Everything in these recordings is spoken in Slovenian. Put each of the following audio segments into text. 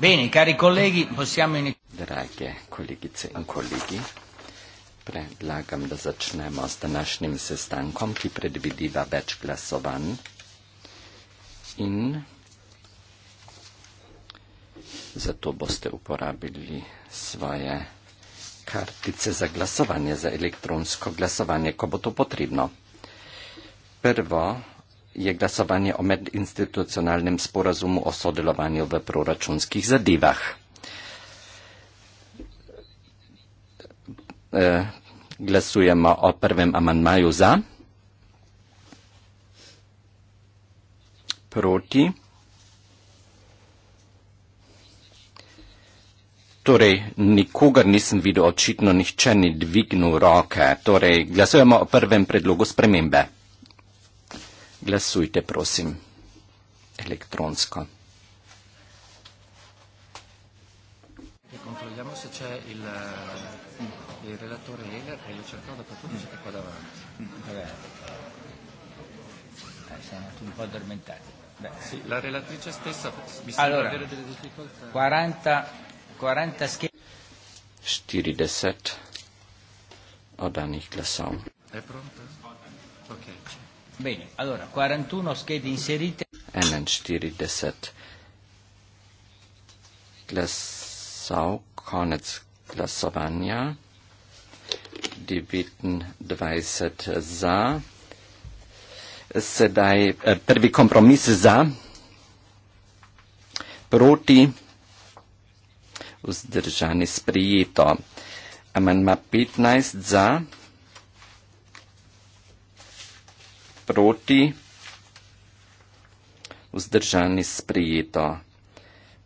Bene, cari colleghi, possiamo iniziare. Draghe colleghe e colleghi, predlagam da začnemo s današnjim sestankom, ki predvidiva več glasovanj. In zato boste uporabili svoje kartice za glasovanje, za elektronsko glasovanje, ko bo to potrebno. Prvo, je glasovanje o medinstitucionalnem sporazumu o sodelovanju v proračunskih zadevah. E, glasujemo o prvem amandmaju za, proti. Torej, nikogar nisem videl, očitno nihče ni dvignil roke. Torej, glasujemo o prvem predlogu spremembe glasujte prosim elektronsko. Controlliamo se c'è il, eh, il relatore Lega che l'ho cercato dappertutto, siete qua davanti. Eh, siamo tutti un po' addormentati. Beh. Sì, la relatrice stessa mi sembra allora, avere delle difficoltà. 40, 40 schermi. 40 od danih glasov. Je pronta? Ok. Bene, allora, 41 schede inserite. 41 glasov, konec glasovanja. 29 za. Sedaj eh, prvi kompromis za. Proti. Vzdržani sprijeto. Amandma 15 za. proti, vzdržani sprijeto.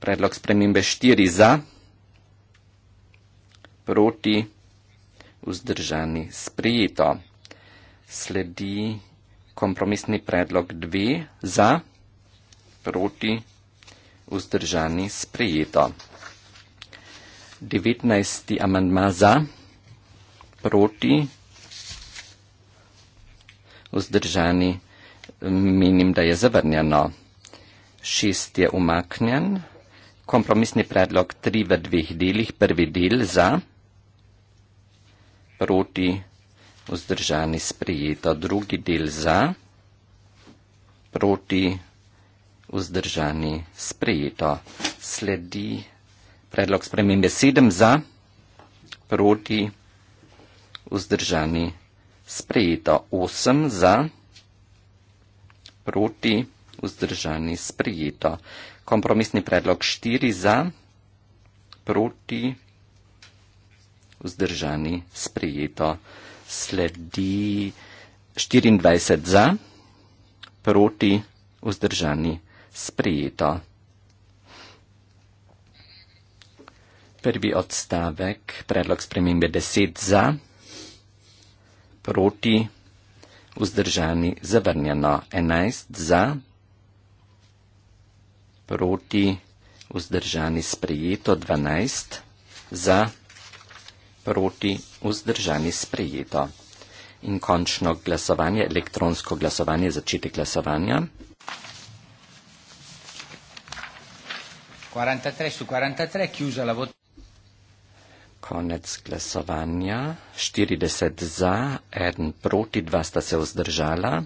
Predlog spremembe 4 za, proti, vzdržani sprijeto. Sledi kompromisni predlog 2 za, proti, vzdržani sprijeto. 19. amandma za, proti, vzdržani sprijeto vzdržani, menim, da je zavrnjeno. Šest je umaknjen. Kompromisni predlog tri v dveh delih. Prvi del za, proti, vzdržani, sprejeto. Drugi del za, proti, vzdržani, sprejeto. Sledi predlog spremembe sedem za, proti, vzdržani, sprejeto sprejeta osem za, proti, vzdržani, sprejeta. Kompromisni predlog štiri za, proti, vzdržani, sprejeta. Sledi 24 za, proti, vzdržani, sprejeta. Prvi odstavek, predlog spremembe 10 za proti, vzdržani, zavrnjeno. 11 za, proti, vzdržani, sprejeto. 12 za, proti, vzdržani, sprejeto. In končno glasovanje, elektronsko glasovanje, začetek glasovanja. 43 su 43, chiusa la votazione konec glasovanja. 40 za, 1 proti, 2 sta se vzdržala.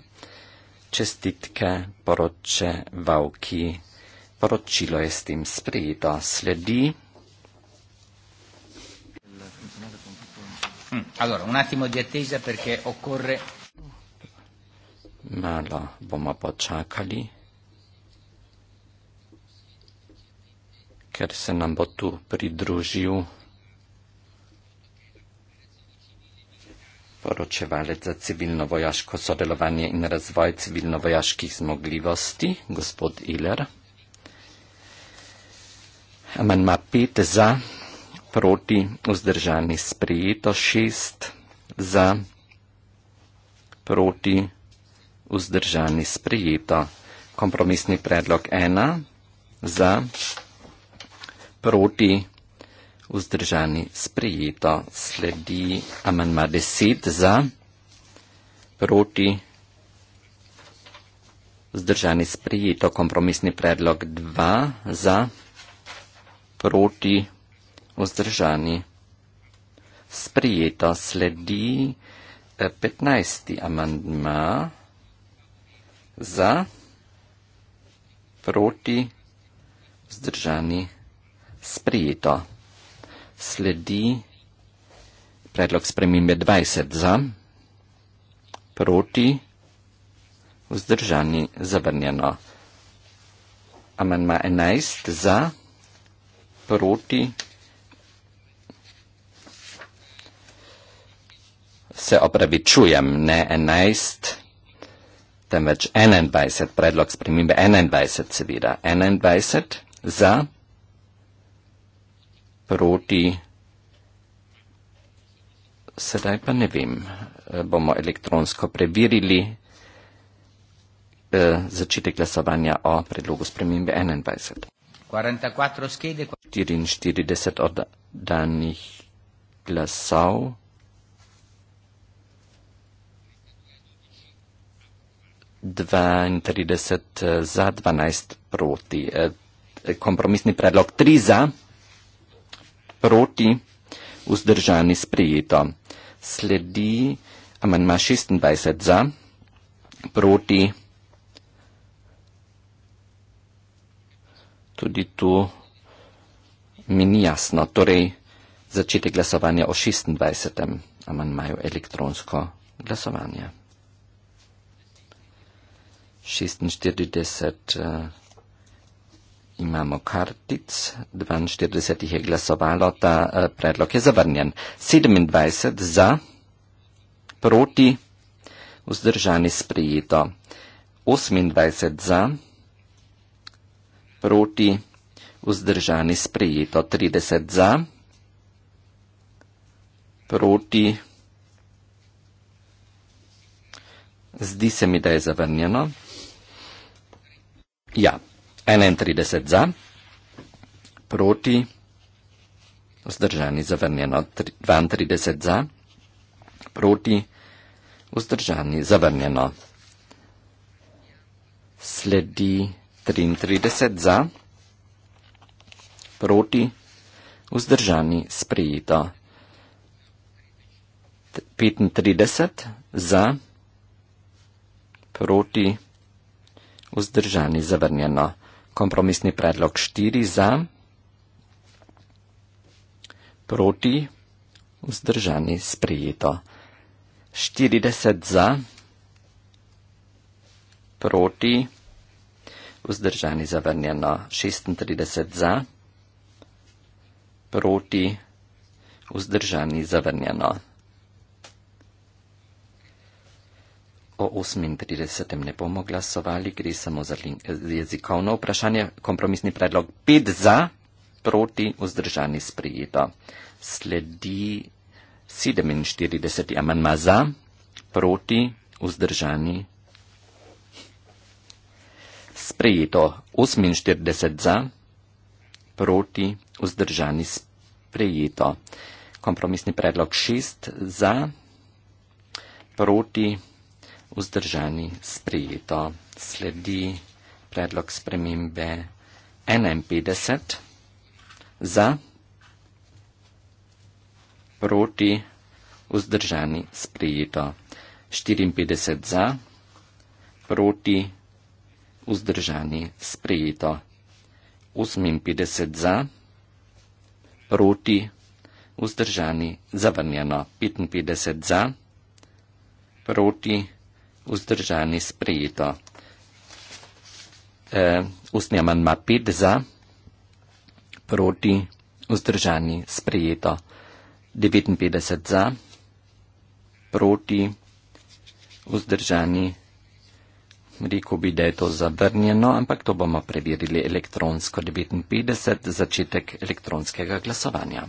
Čestitke poroče Vauki. Poročilo je s tem sprejeto. Sledi. Mm, allora, un attimo di attesa perché occorre. Malo bomo počakali, ker se nam bo tu pridružil. poročevalec za civilno-vojaško sodelovanje in razvoj civilno-vojaških zmogljivosti, gospod Iler. Amanma 5 za, proti, vzdržani sprejeto, 6 za, proti, vzdržani sprejeto. Kompromisni predlog 1 za, proti, vzdržani sprejeto vzdržani sprejeto. Sledi amenma 10 za, proti, vzdržani sprejeto, kompromisni predlog 2 za, proti, vzdržani sprejeto. Sledi 15. Eh, amenma za, proti, vzdržani sprejeto sledi predlog spremembe 20 za, proti, vzdržani, zavrnjeno. Amanma 11 za, proti, se opravičujem, ne 11, temveč 21, predlog spremembe 21 seveda, 21 za, proti, proti. Sedaj pa ne vem, eh, bomo elektronsko preverili eh, začetek glasovanja o predlogu spremembe 21. 44 oddanih glasov. Dvaintrideset eh, za, dvanajst proti. Eh, kompromisni predlog tri za proti, vzdržani sprejeto. Sledi amenma 26 za, proti, tudi tu mi ni jasno, torej začeti glasovanje o 26. amenmaju elektronsko glasovanje. 46. Uh, eh, Imamo kartic, 42 jih je glasovalo, ta eh, predlog je zavrnjen. 27 za, proti, vzdržani sprejeto. 28 za, proti, vzdržani sprejeto. 30 za, proti, zdi se mi, da je zavrnjeno. Ja, 31 za, proti, vzdržani, zavrnjeno, 32 za, proti, vzdržani, zavrnjeno. Sledi 33 za, proti, vzdržani, sprejeto. 35 za, proti, vzdržani, zavrnjeno kompromisni predlog 4 za, proti, vzdržani, sprejeto. 40 za, proti, vzdržani, zavrnjeno. 36 za, proti, vzdržani, zavrnjeno. o 38. ne bomo glasovali, gre samo za jezikovno vprašanje. Kompromisni predlog 5 za, proti vzdržani sprijeto. Sledi 47. amanma za, proti vzdržani sprijeto. 48 za, proti vzdržani sprijeto. Kompromisni predlog 6 za, proti vzdržani sprijeto vzdržani sprejeto. Sledi predlog spremembe 51 za proti vzdržani sprejeto. 54 za proti vzdržani sprejeto. 58 za proti vzdržani zavrnjeno. 55 za proti vzdržani sprejeto vzdržani sprejeto. E, ustni amandma 5 za, proti vzdržani sprejeto. 59 za, proti vzdržani. Rekl bi, da je to zavrnjeno, ampak to bomo preverili elektronsko 59, začetek elektronskega glasovanja.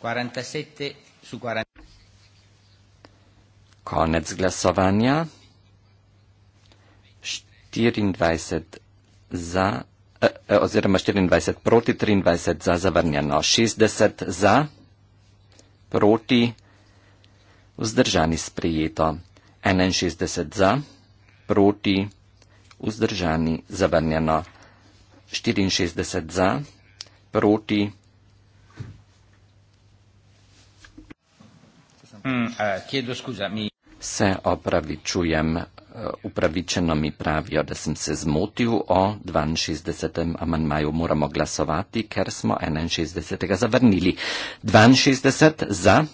47 su 40. Konec glasovanja. 24 za, eh, eh oziroma 24 proti, 23 za zavrnjeno, 60 za, proti, vzdržani sprijeto, 61 za, proti, vzdržani zavrnjeno, 64 za, proti. Mm, eh, chiedo scusa, mi se opravičujem, e, upravičeno mi pravijo, da sem se zmotil o 62. amandmaju. Moramo glasovati, ker smo 61. zavrnili. 62 za,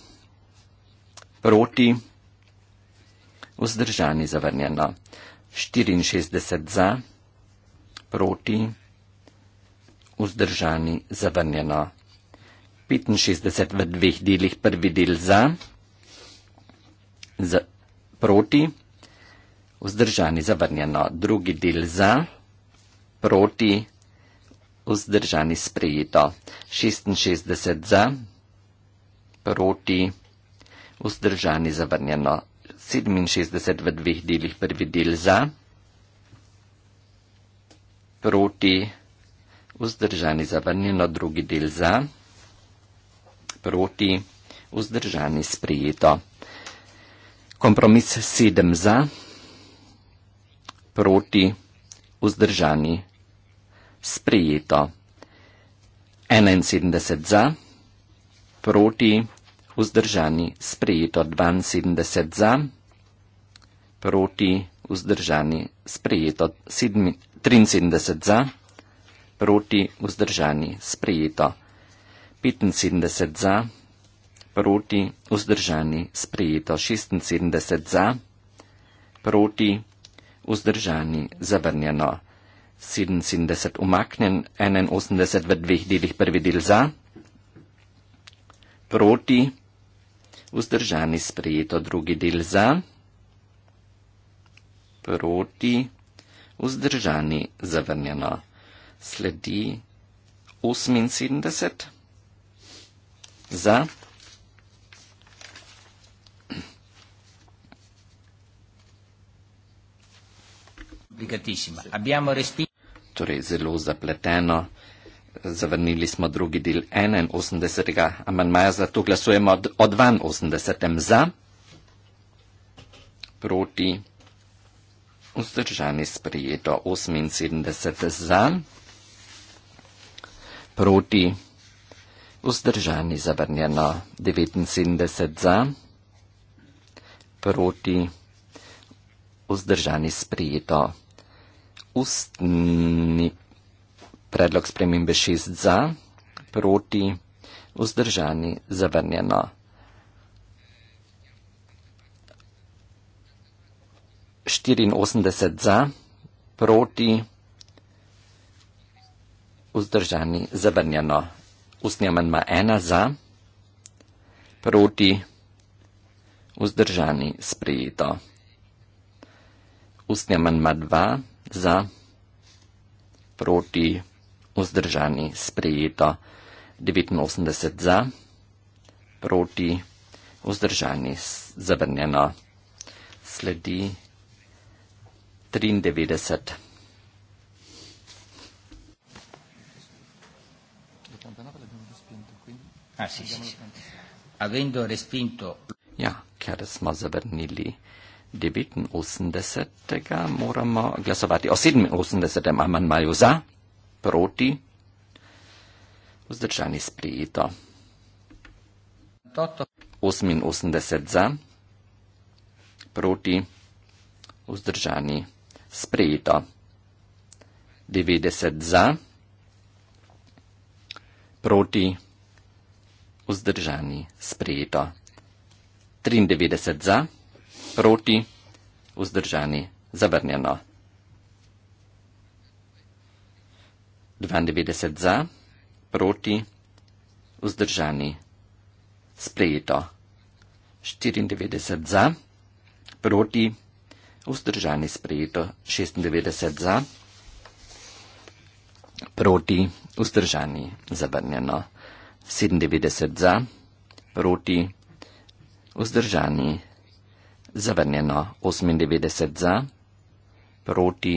proti, vzdržani zavrnjeno. 64 za, proti, vzdržani zavrnjeno. 65 v dveh delih, prvi del za, za proti, vzdržani zavrnjeno, drugi del za, proti, vzdržani sprejeto, 66 za, proti, vzdržani zavrnjeno, 67 v dveh delih prvi del za, proti, vzdržani zavrnjeno, drugi del za, proti, vzdržani sprejeto. Kompromis sedem za, proti, vzdržani, sprejeto. 71 za, proti, vzdržani, sprejeto. 72 za, proti, vzdržani, sprejeto. 73 za, proti, vzdržani, sprejeto. 75 za, proti, vzdržani, sprejeto proti, vzdržani, sprejeto 76 za, proti, vzdržani, zavrnjeno 77 umaknjen, 81 v dveh delih prvi del za, proti, vzdržani, sprejeto drugi del za, proti, vzdržani, zavrnjeno. Sledi 78 za. Obligatissima. Abbiamo respinto. Torej, zelo zapleteno. Zavrnili smo drugi del 81. amandmaja, zato glasujemo od, od 82. za, proti, vzdržani sprejeto 78. za, proti, vzdržani zavrnjeno 79. za, proti, vzdržani sprejeto 78 ustni predlog spremembe 6 za, proti, vzdržani, zavrnjeno. Štiriinosemdeset za, proti, vzdržani, zavrnjeno. Ustni amenma ena za, proti, vzdržani, sprejeto. Ustni amenma dva, za, proti, vzdržani, sprejeto, 89 za, proti, vzdržani, zavrnjeno, sledi 93. Ah, sì, sì, sì. Avendo respinto... Ja, ker smo zavrnili debitten 80 ga moramo glasovati o 87 amandmaju za, proti, vzdržani sprijeto. 88 za, proti, vzdržani sprijeto. 90 za, proti, vzdržani sprijeto. 93 za, proti, proti, vzdržani, zavrnjeno. 92 za, proti, vzdržani, sprejeto. 94 za, proti, vzdržani, sprejeto. 96 za, proti, vzdržani, zavrnjeno. 97 za, proti, vzdržani, zavrnjeno 98 za, proti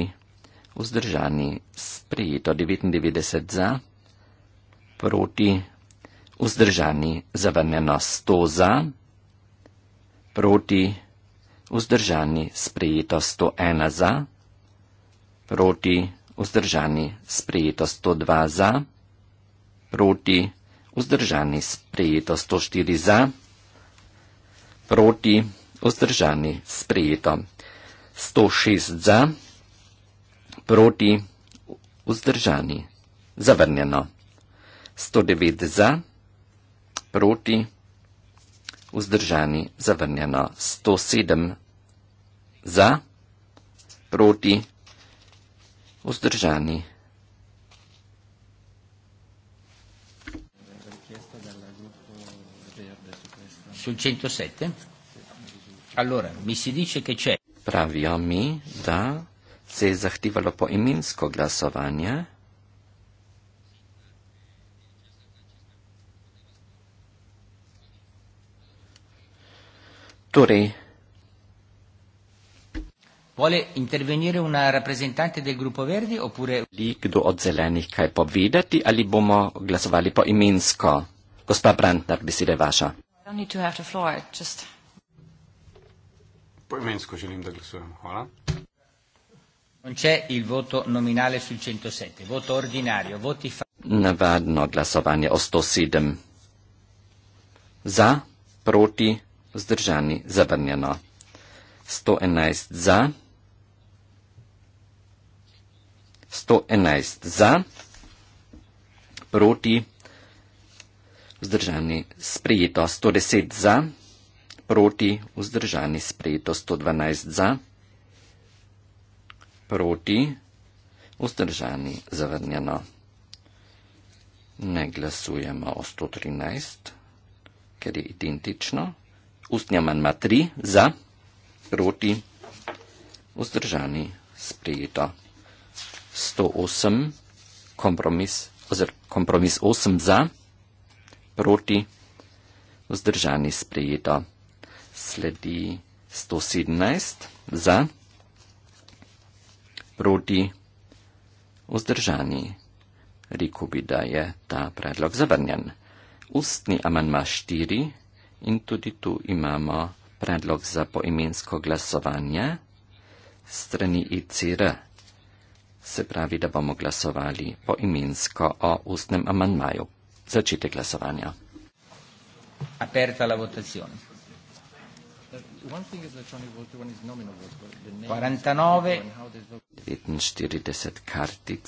vzdržani, sprejeto 99 za, proti vzdržani, zavrnjeno 100 za, proti vzdržani, sprejeto 101 za, proti vzdržani, sprejeto 102 za, proti vzdržani, sprejeto 104 za, proti vzdržani, vzdržani, sprejeto. 106 za, proti, vzdržani, zavrnjeno. 109 za, proti, vzdržani, zavrnjeno. 107 za, proti, vzdržani. Sul 107. Allora, mi si dice che c'è. Pravio mi da se è zahtivalo po iminsko glasovanje. Torej. Vuole intervenire una rappresentante del gruppo Verdi oppure... Lì, kdo od zelenih kaj povedati ali bomo glasovali po iminsko? Gospa Brandner, besede vaša. I don't need to have the floor, just poimensko želim, da glasujemo. Hvala. Non c'è il voto nominale sul 107, voto ordinario, voti fa... Navadno glasovanje o 107. Za, proti, zdržani, zavrnjeno. 111 za, 111 za, proti, zdržani, sprijeto, 110 za, proti, vzdržani sprejeto 112 za, proti, vzdržani zavrnjeno. Ne glasujemo o 113, ker je identično. Ustnja manjma 3 za, proti, vzdržani sprejeto 108, kompromis, ozir, kompromis 8 za, proti, vzdržani sprejeto 108 sledi 117 za proti vzdržani. Rekl bi, da je ta predlog zabrnjen. Ustni amenma 4 in tudi tu imamo predlog za poimensko glasovanje strani ICR. Se pravi, da bomo glasovali poimensko o ustnem amenmaju. Začite glasovanja. Aperta la votazione. 49, 49 kartic,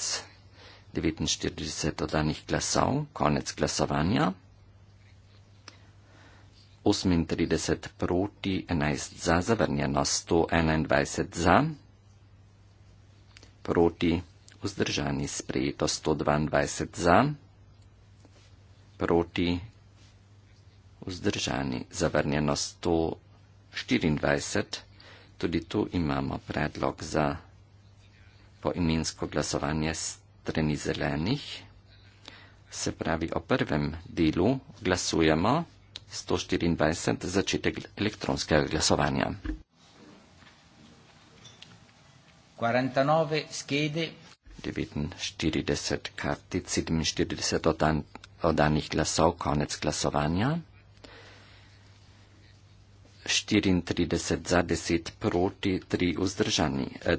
49 oddanih glasov, konec glasovanja. 38 proti, 11 za, zavrnjeno 121 za, proti, vzdržani sprejeto 122 za, proti, vzdržani, zavrnjeno 121. 24, tudi tu imamo predlog za poimensko glasovanje strani zelenih. Se pravi, o prvem delu glasujemo 124 začetek elektronskega glasovanja. 49 skede. 49 kartic, 47 odan, odanih glasov, konec glasovanja. 34 za, 10 proti, 3 vzdržani. E,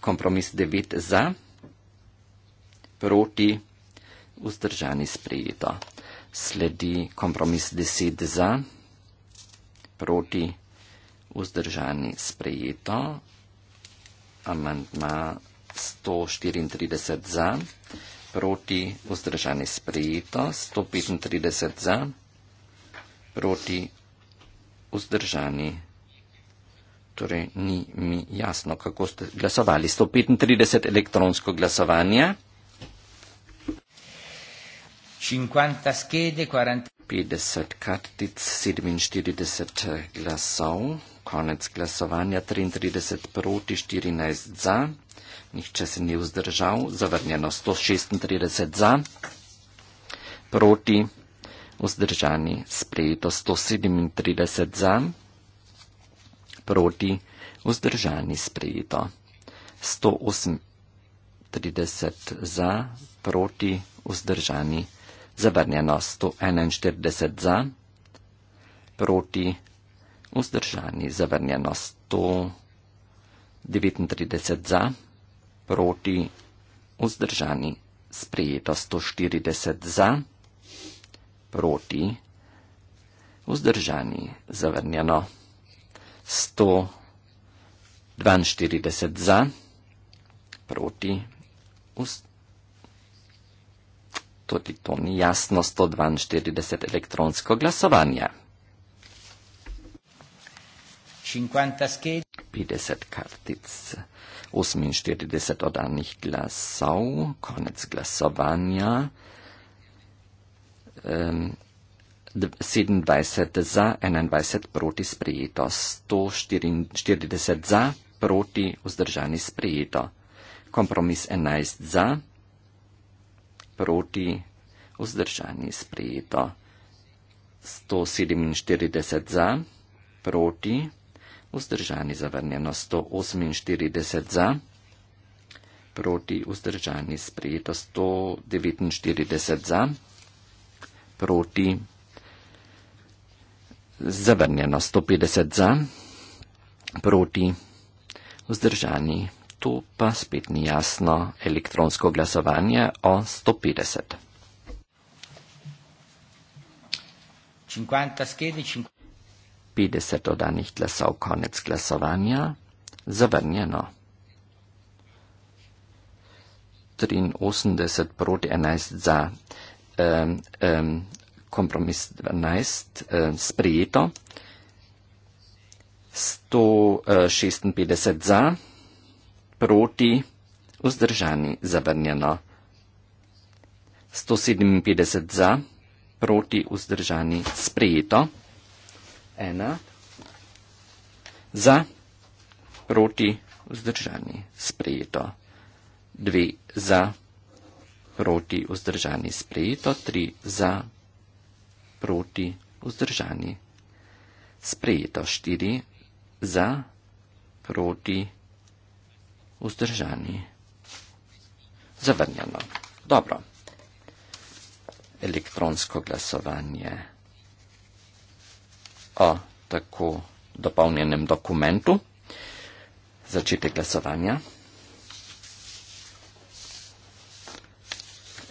kompromis 9 za, proti, vzdržani sprejeto. Sledi kompromis 10 za, proti, vzdržani sprejeto. Amandma 134 za, proti, vzdržani sprejeto. 135 za, proti, vzdržani. Torej, ni mi jasno, kako ste glasovali. 135 elektronsko glasovanje. 50, schede, 40... 50 kartic, 47 eh, glasov, konec glasovanja, 33 proti, 14 za, nihče se ni vzdržal, zavrnjeno 136 za, proti vzdržani, sprejeto 137 za, proti vzdržani, sprejeto 138 za, proti vzdržani, zavrnjeno 141 za, proti vzdržani, zavrnjeno 139 za, proti vzdržani, sprejeto 140 za, proti vzdržani, proti, vzdržani, zavrnjeno, 142 za, proti, tudi to ni jasno, 142 elektronsko glasovanje. 50 kartic, 48 oddanih glasov, konec glasovanja um, ehm, 27 za, 21 proti sprejeto, 144 za, proti vzdržani sprejeto. Kompromis 11 za, proti vzdržani sprejeto, 147 za, proti vzdržani zavrnjeno, 148 za, proti vzdržani sprejeto, 149 za, proti zavrnjeno 150 za, proti vzdržani. To pa spet ni jasno elektronsko glasovanje o 150. 50 oddanih glasov, konec glasovanja, zavrnjeno. 83 proti 11 za kompromis 12 sprejeto. 156 eh, za, proti, vzdržani, zavrnjeno. 157 za, proti, vzdržani, sprejeto. 1 za, proti, vzdržani, sprejeto. 2 za, proti proti vzdržani sprejeto, tri za, proti vzdržani sprejeto, štiri za, proti vzdržani zavrnjeno. Dobro. Elektronsko glasovanje o tako dopolnjenem dokumentu. Začetek glasovanja.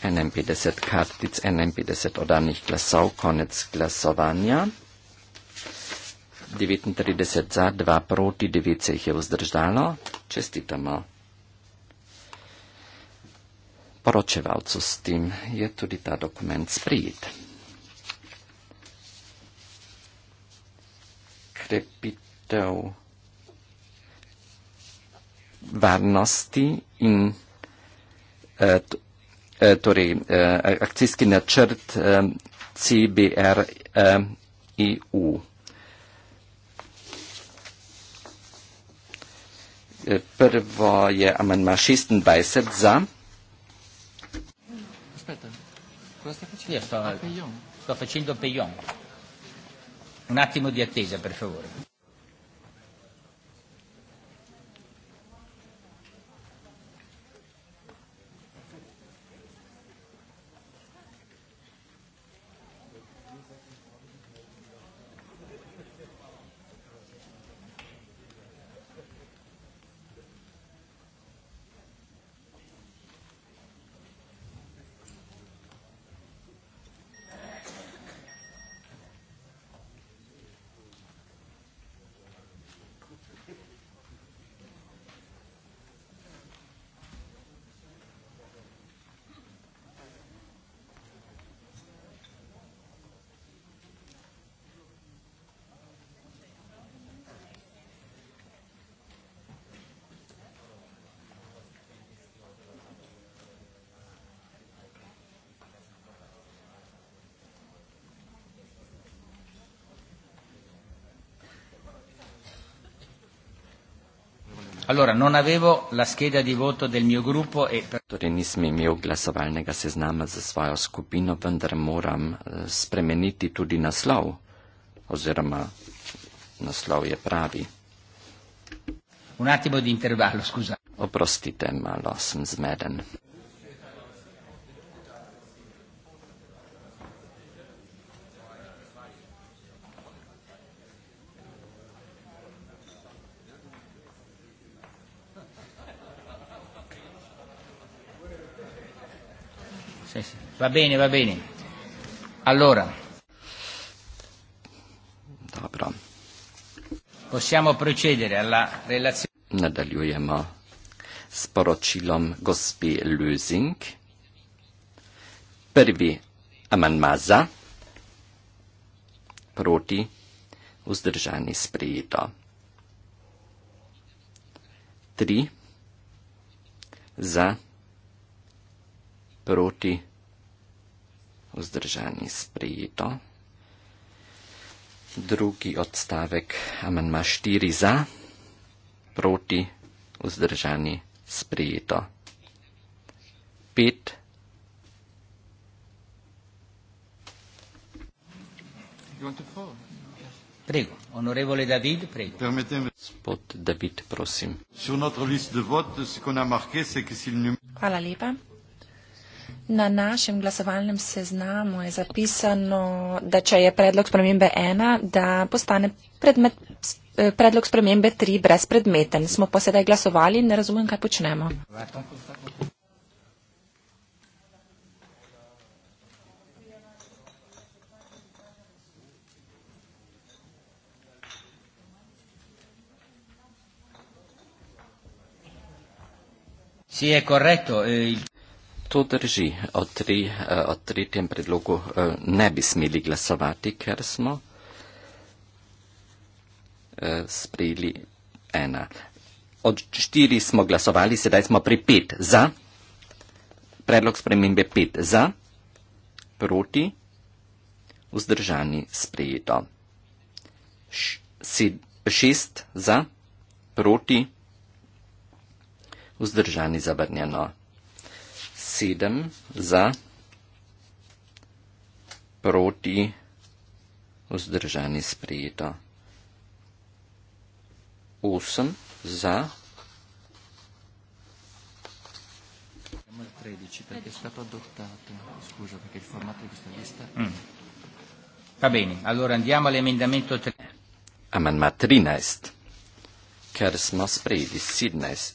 51 kartic 51 oddanih glasov, konec glasovanja. 39 za, 2 proti, 9 se jih je vzdržalo. Čestitamo poročevalcu s tem, je tudi ta dokument sprijet. Krepitev varnosti in eh, Eh, torej eh, akcijski načrt eh, CBR-EU. Prvo je amandma 26 za. Ah, Un attimo di attesa, per favore. Allora, non avevo la scheda di voto del mio gruppo e... Torej, nisem imel glasovalnega seznama za svojo skupino, vendar moram eh, spremeniti tudi naslov. Oziroma, naslov je pravi. Un attimo di intervallo, scusa. Oprostite, malo sem zmeden. sì, sì. Va bene, va bene. Allora. Dobro. Possiamo procedere alla relazione. Nadaljujemo s poročilom gospi Lusing. Prvi amanmaza proti vzdržani sprejeto. Tri za proti, vzdržani sprejeto. Drugi odstavek, amenma 4 za, proti, vzdržani sprejeto. 5. Prego, onorevole David, prego. Gospod David, prosim. Hvala lepa. Na našem glasovalnem seznamu je zapisano, da če je predlog spremembe ena, da postane predmet, eh, predlog spremembe tri brezpredmeten. Smo pa sedaj glasovali in ne razumem, kaj počnemo. Si è corretto. Eh, il to drži. O, tri, eh, o tretjem predlogu eh, ne bi smeli glasovati, ker smo eh, sprejeli ena. Od štiri smo glasovali, sedaj smo pri pet za. Predlog spremembe pet za, proti, vzdržani sprejeto. Š, sed, šest za, proti, vzdržani zavrnjeno sedem za, proti, vzdržani sprejeto. Osem za. Mm. Va bene, allora andiamo all'emendamento 3. Amanma 13. Ker smo sprejeli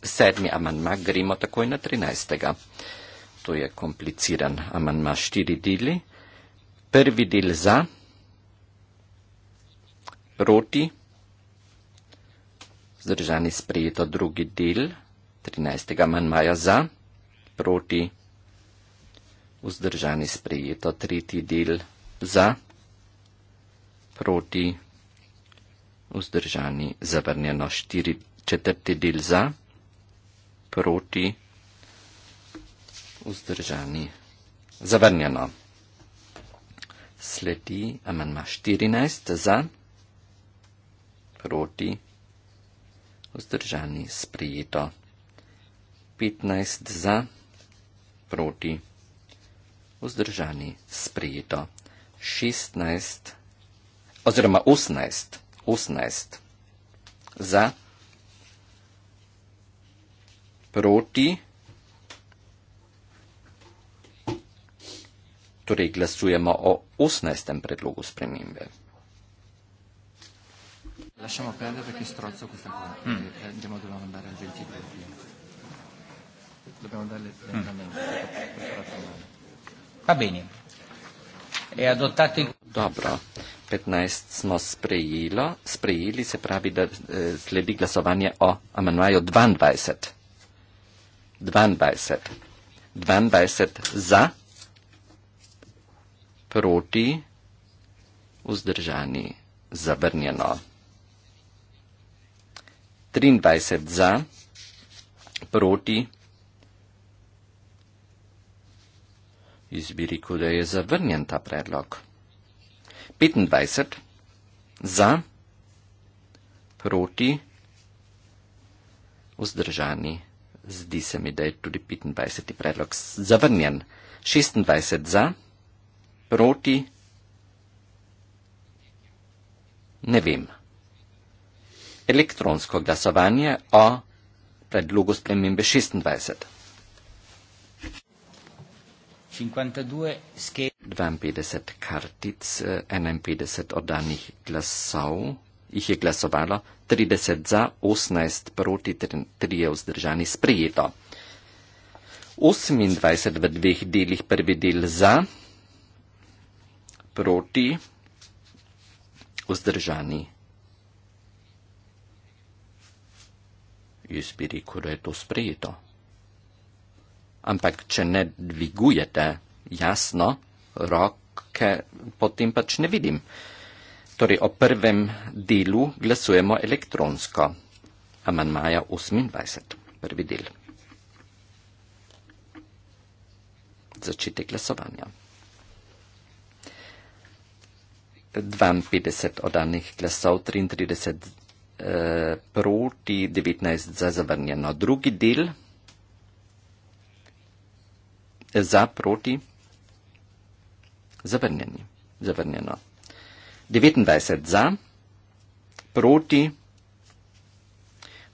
sedmi amanma, gremo takoj na 13 to je kompliciran amandma štiri deli. Prvi del za, proti, zdržani sprejeto drugi del 13. amandmaja za, proti, vzdržani sprejeto tretji del za, proti, vzdržani zavrnjeno štiri, četrti del za, proti, vzdržani vzdržani. Zavrnjeno. Sledi amenma 14 za, proti, vzdržani, sprijeto. 15 za, proti, vzdržani, sprijeto. 16 oziroma 18, 18 za, proti, vzdržani, sprijeto. torej glasujemo o 18. predlogu spremembe. Lasciamo perdere perché strozzo questa cosa. Andiamo mm. eh, eh, a dobbiamo andare al 23. Eh. Dobbiamo darle mm. lentamente. Va bene. È adottato il... Dobro. 15 smo sprejilo, sprejili se pravi, da eh, sledi glasovanje o amenuaju 22. 22. 22 za, proti, vzdržani, zabrnjeno. 23 za, proti, izbiri, ko da je zavrnjen ta predlog. 25 za, proti, vzdržani, zdi se mi, da je tudi 25. predlog zavrnjen. 26 za, proti, proti, ne vem. Elektronsko glasovanje o predlogu spremembe 26. 52 kartic, 51 eh, oddanih glasov, jih je glasovalo 30 za, 18 proti, 3 je vzdržani sprejeto. 28 v dveh delih, prvi del za, proti vzdržani. Jaz bi rekel, da je to sprejeto. Ampak, če ne dvigujete jasno roke, potem pač ne vidim. Torej, o prvem delu glasujemo elektronsko. Amanmaja 28, prvi del. Začetek glasovanja. 52 oddanih glasov, 33 eh, proti, 19 za zavrnjeno. Drugi del za proti zavrnjeni. Zavrnjeno. 29 za, proti,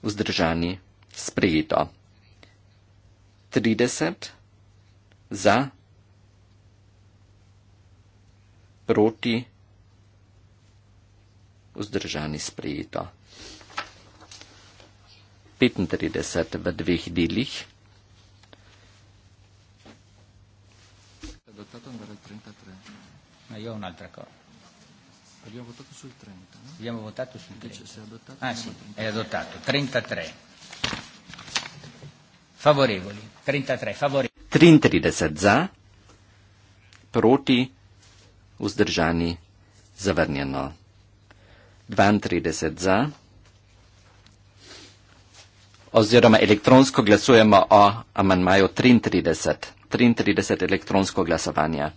vzdržani, sprejeto. 30 za, proti, vzdržani vzdržani sprejeto. 35 v dveh delih. Ma io ho un'altra cosa. Abbiamo votato sul 30. No? Abbiamo votato sul 30. Ah sì, è adottato. 33. Favorevoli. 33. Favorevoli. 33 za. Proti. Uzdržani. Zavrnjeno. 32 za. Oziroma elektronsko glasujemo o amanmaju 33. 33 elektronsko glasovanje.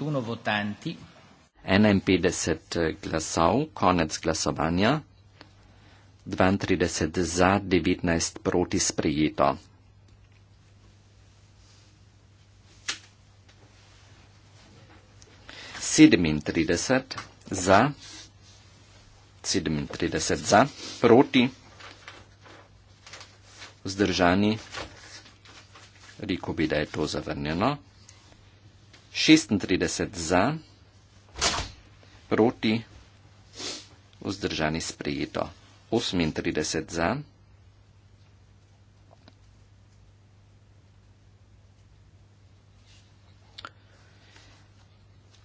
Votanti. 51 eh, glasov, konec glasovanja, 32 za, 19 proti sprejeto. 37 za, 37 za, proti, vzdržani, rekel bi, da je to zavrnjeno, 36 za, proti, vzdržani, sprejeto, 38 za, proti, vzdržani, sprejeto, 38 za,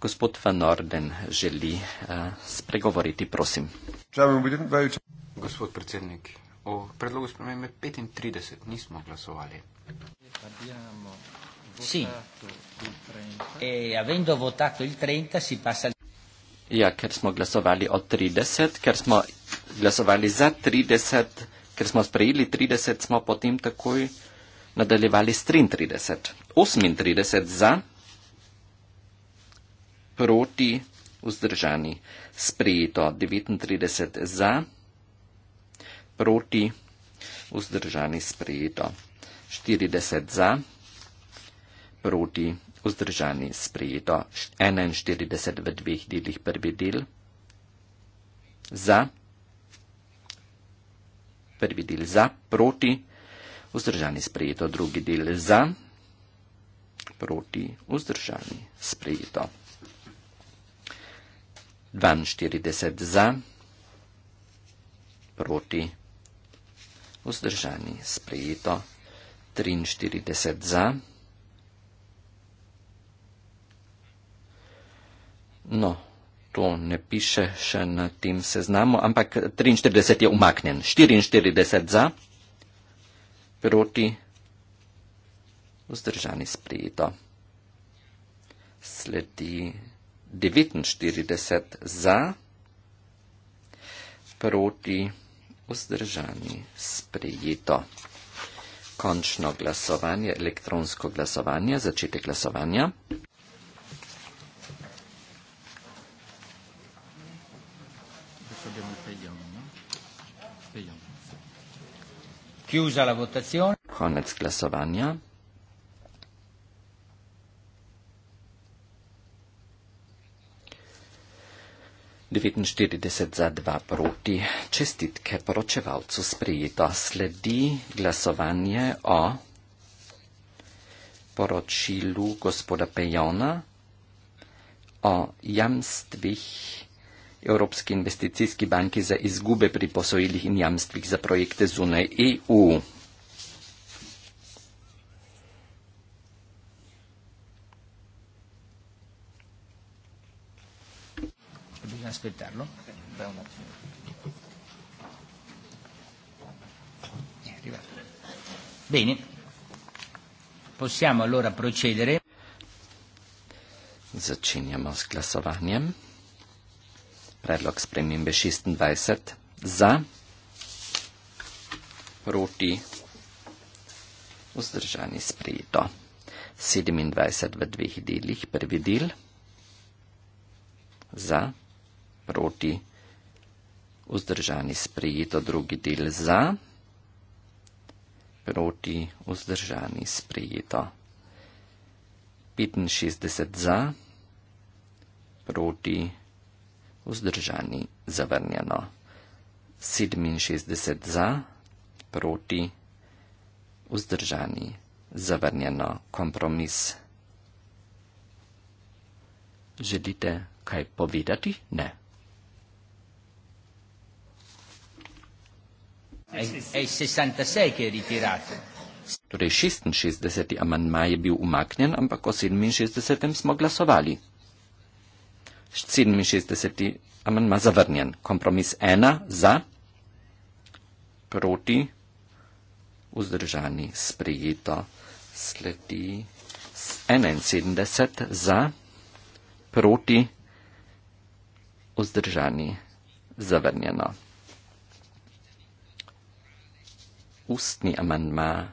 Gospod Van Orden želi uh, spregovoriti, prosim. Gospod predsednik, o predlogu spremembe 35 nismo glasovali. Sì, e avendo votato il 30 si passa al... Ja, ker smo glasovali o 30, ker smo glasovali za 30, ker smo sprejeli 30, smo potem takoj nadaljevali s 33. 38 za proti, vzdržani, sprejeto 39 za, proti, vzdržani, sprejeto 40 za, proti, vzdržani, sprejeto 41 v dveh delih prvi del, za, prvi del za, proti, vzdržani, sprejeto drugi del za, proti, vzdržani, sprejeto. 42 za, proti, vzdržani, sprejeto, 43 za. No, to ne piše še na tem seznamu, ampak 43 je umaknen. 44 za, proti, vzdržani, sprejeto. Sledi 49 za, proti vzdržani sprejeto. Končno glasovanje, elektronsko glasovanje, začetek glasovanja. Konec glasovanja. 49-2 proti. Čestitke poročevalcu sprijeto. Sledi glasovanje o poročilu gospoda Pejona o jamstvih Evropske investicijske banke za izgube pri posojilih in jamstvih za projekte zunaj EU. aspettarlo. ¿no? Da un attimo. È eh, arrivato. Bene, possiamo allora procedere. Zaciniamo sclassovanie. Predlog spremembe šestindvajset za proti vzdržani sprejeto. Sedemindvajset v dveh delih prvi del za proti proti, vzdržani sprejeto, drugi del za, proti, vzdržani sprejeto. 65 za, proti, vzdržani zavrnjeno. 67 za, proti, vzdržani zavrnjeno. Kompromis. Želite kaj povedati? Ne. È, è il 66 che è ritirato. Torej, 66. amandma je bil umaknjen, ampak o 67. smo glasovali. 67. amandma zavrnjen. Kompromis 1 za, proti, vzdržani, sprejeto, sledi 71 za, proti, vzdržani, zavrnjeno. ustni amandma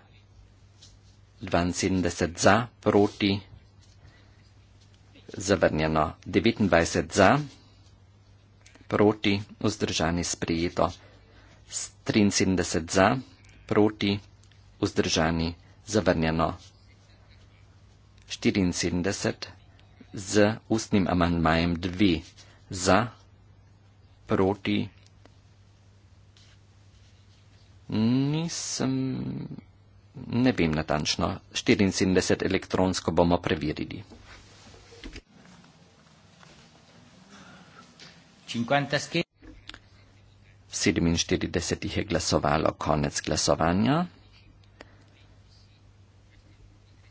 72 za proti, zavrnjeno 29 za proti, vzdržani sprejeto 73 za proti, vzdržani zavrnjeno 74 z ustnim amandmajem 2 za proti. Nisem, ne vem natančno, 74 elektronsko bomo preverili. 47 jih je glasovalo konec glasovanja.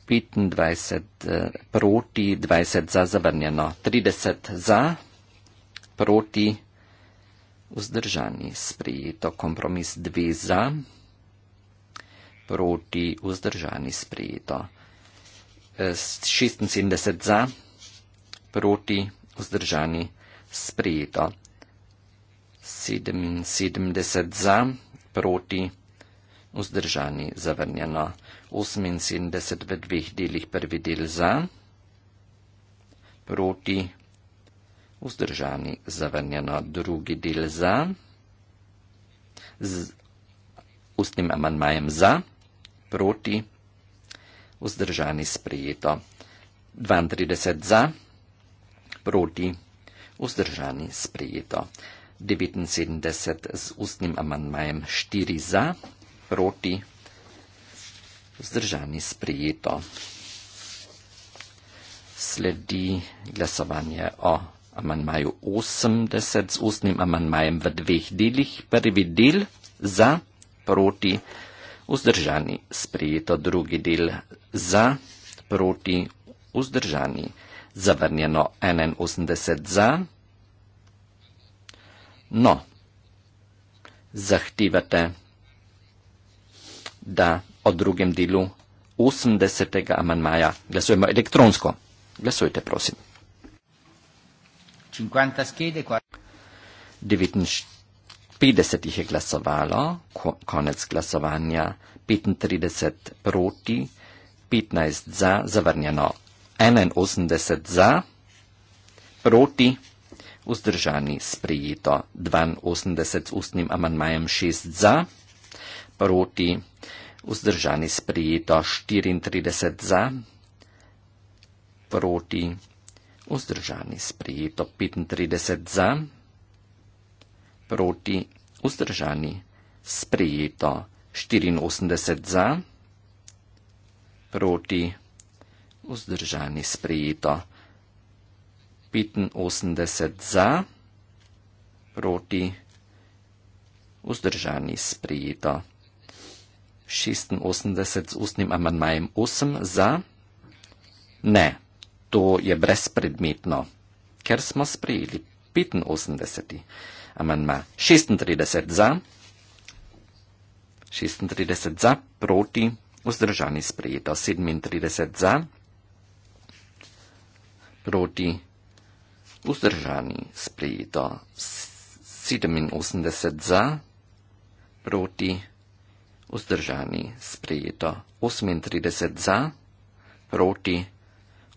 25 eh, proti, 20 za zavrnjeno, 30 za, proti vzdržani, sprejeto kompromis dve za, proti vzdržani, sprejeto 76 eh, za, proti vzdržani, sprejeto 77 za, proti vzdržani, zavrnjeno 78 v dveh delih prvi del za, proti vzdržani zavrnjeno drugi del za, z ustnim amandmajem za, proti, vzdržani sprejeto, 32 za, proti, vzdržani sprejeto, 79 z ustnim amandmajem 4 za, proti, vzdržani sprejeto. Sledi glasovanje o amanmaju osem deset z ustnim amanmajem v dveh delih, prvi del za, proti, vzdržani, sprejeto, drugi del za, proti, vzdržani, zavrnjeno, 81 za. No, zahtevate, da o drugem delu 80. amanmaja glasujemo elektronsko. Glasujte, prosim. 50 schede, 59 jih je glasovalo, konec glasovanja, 35 proti, 15 za, zavrnjeno, 81 za, proti, vzdržani, sprejeto, 82 z ustnim amanmajem, 6 za, proti, vzdržani, sprejeto, 34 za, proti, Vzdržani sprijeto 35 za, proti vzdržani sprijeto 84 za, proti vzdržani sprijeto 85 za, proti vzdržani sprijeto 86 z ustnim amandmajem 8 za, ne to je brezpredmetno, ker smo sprejeli 85. amandma, 36 za, 36 za, proti, vzdržani sprejeto, 37 za, proti, vzdržani sprejeto, 87 za, proti, vzdržani sprejeto, 38 za, proti, vzdržani sprejeto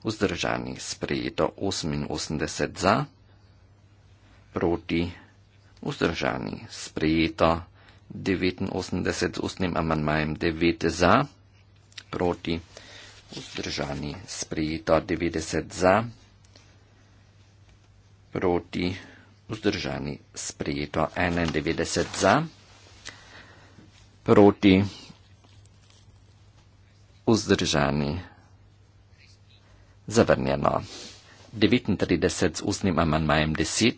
vzdržani, sprejeto 88 za, proti, vzdržani, sprejeto 89 z ustnim amanmajem 9 za, proti, vzdržani, sprejeto 90 za, proti, vzdržani, sprejeto 91 za, proti, vzdržani, sprejeto 91 za, zavrnjeno. 39 z ustnim amanmajem 10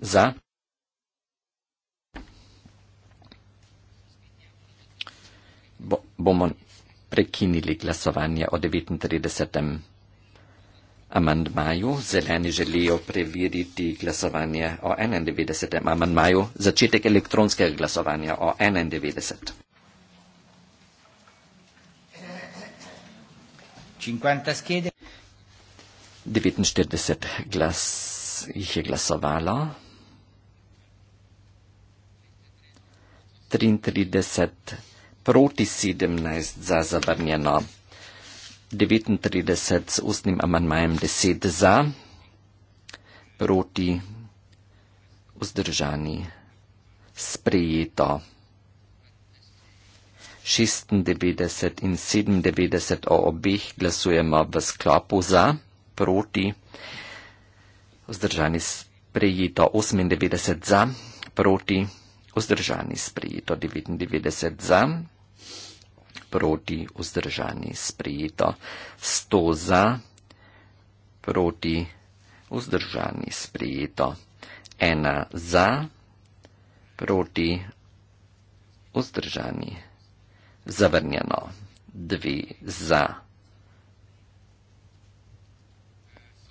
za. 39. bomo prekinili glasovanje o 39. amandmaju. Zeleni želijo preveriti glasovanje o 91. amandmaju. Začetek elektronskega glasovanja o 91. 50 schede. 49 glas, jih je glasovalo, 33 proti 17 za zavrnjeno, 39 s ustnim amanmajem 10 za, proti vzdržani sprejeto. 96 in 97 o obeh glasujemo v sklopu za proti, vzdržani sprejeto 98 za, proti, vzdržani sprejeto 99 za, proti, vzdržani sprejeto 100 za, proti, vzdržani sprejeto 1 za, proti, vzdržani zavrnjeno 2 za.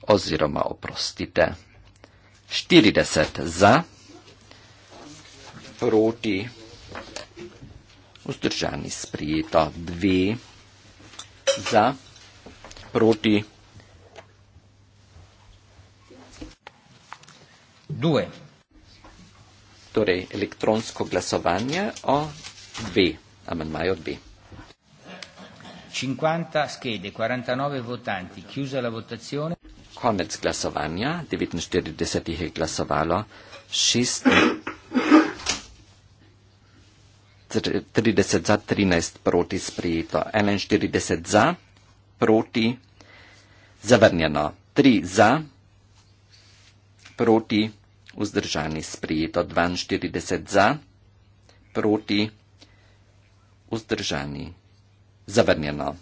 oziroma oprostite. 40 za, proti, vzdržani sprijeto, 2 za, proti. 2. Torej elektronsko glasovanje o 2, amenmajo 2. 50 schede, 49 votanti, chiusa la votazione konec glasovanja, 49 jih je glasovalo, 6, 30 za, 13 proti sprejeto, 41 za, proti, zavrnjeno, 3 za, proti, vzdržani sprejeto, 42 za, proti, vzdržani, zavrnjeno,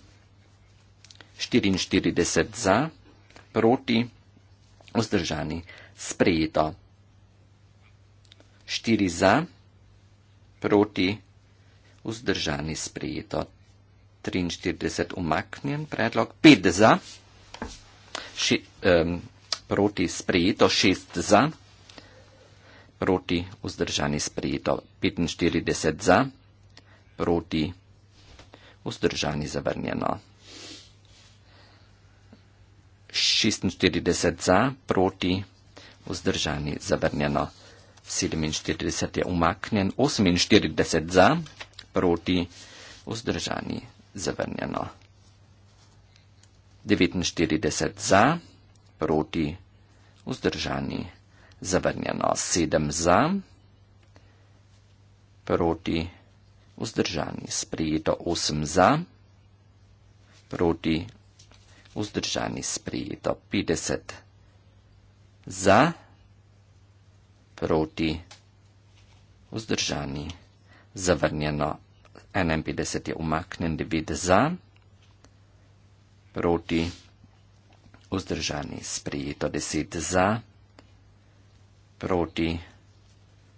44 za, proti, proti, vzdržani, sprejeto. 4 za, proti, vzdržani, sprejeto. 43 umaknjen predlog, 5 za, še, um, proti, sprejeto, 6 za, proti, vzdržani, sprejeto. 45 za, proti, vzdržani, zavrnjeno. 46 za, proti, vzdržani, zavrnjeno. 47 je umaknjen, 48 za, proti, vzdržani, zavrnjeno. 49 za, proti, vzdržani, zavrnjeno. 7 za, proti, vzdržani, sprijeto 8 za, proti, uzdržani sprijeto 50, za, proti, uzdržani, zavrnjeno 51 je umaknen 9 za, proti, uzdržani, sprijeto 10 za, proti,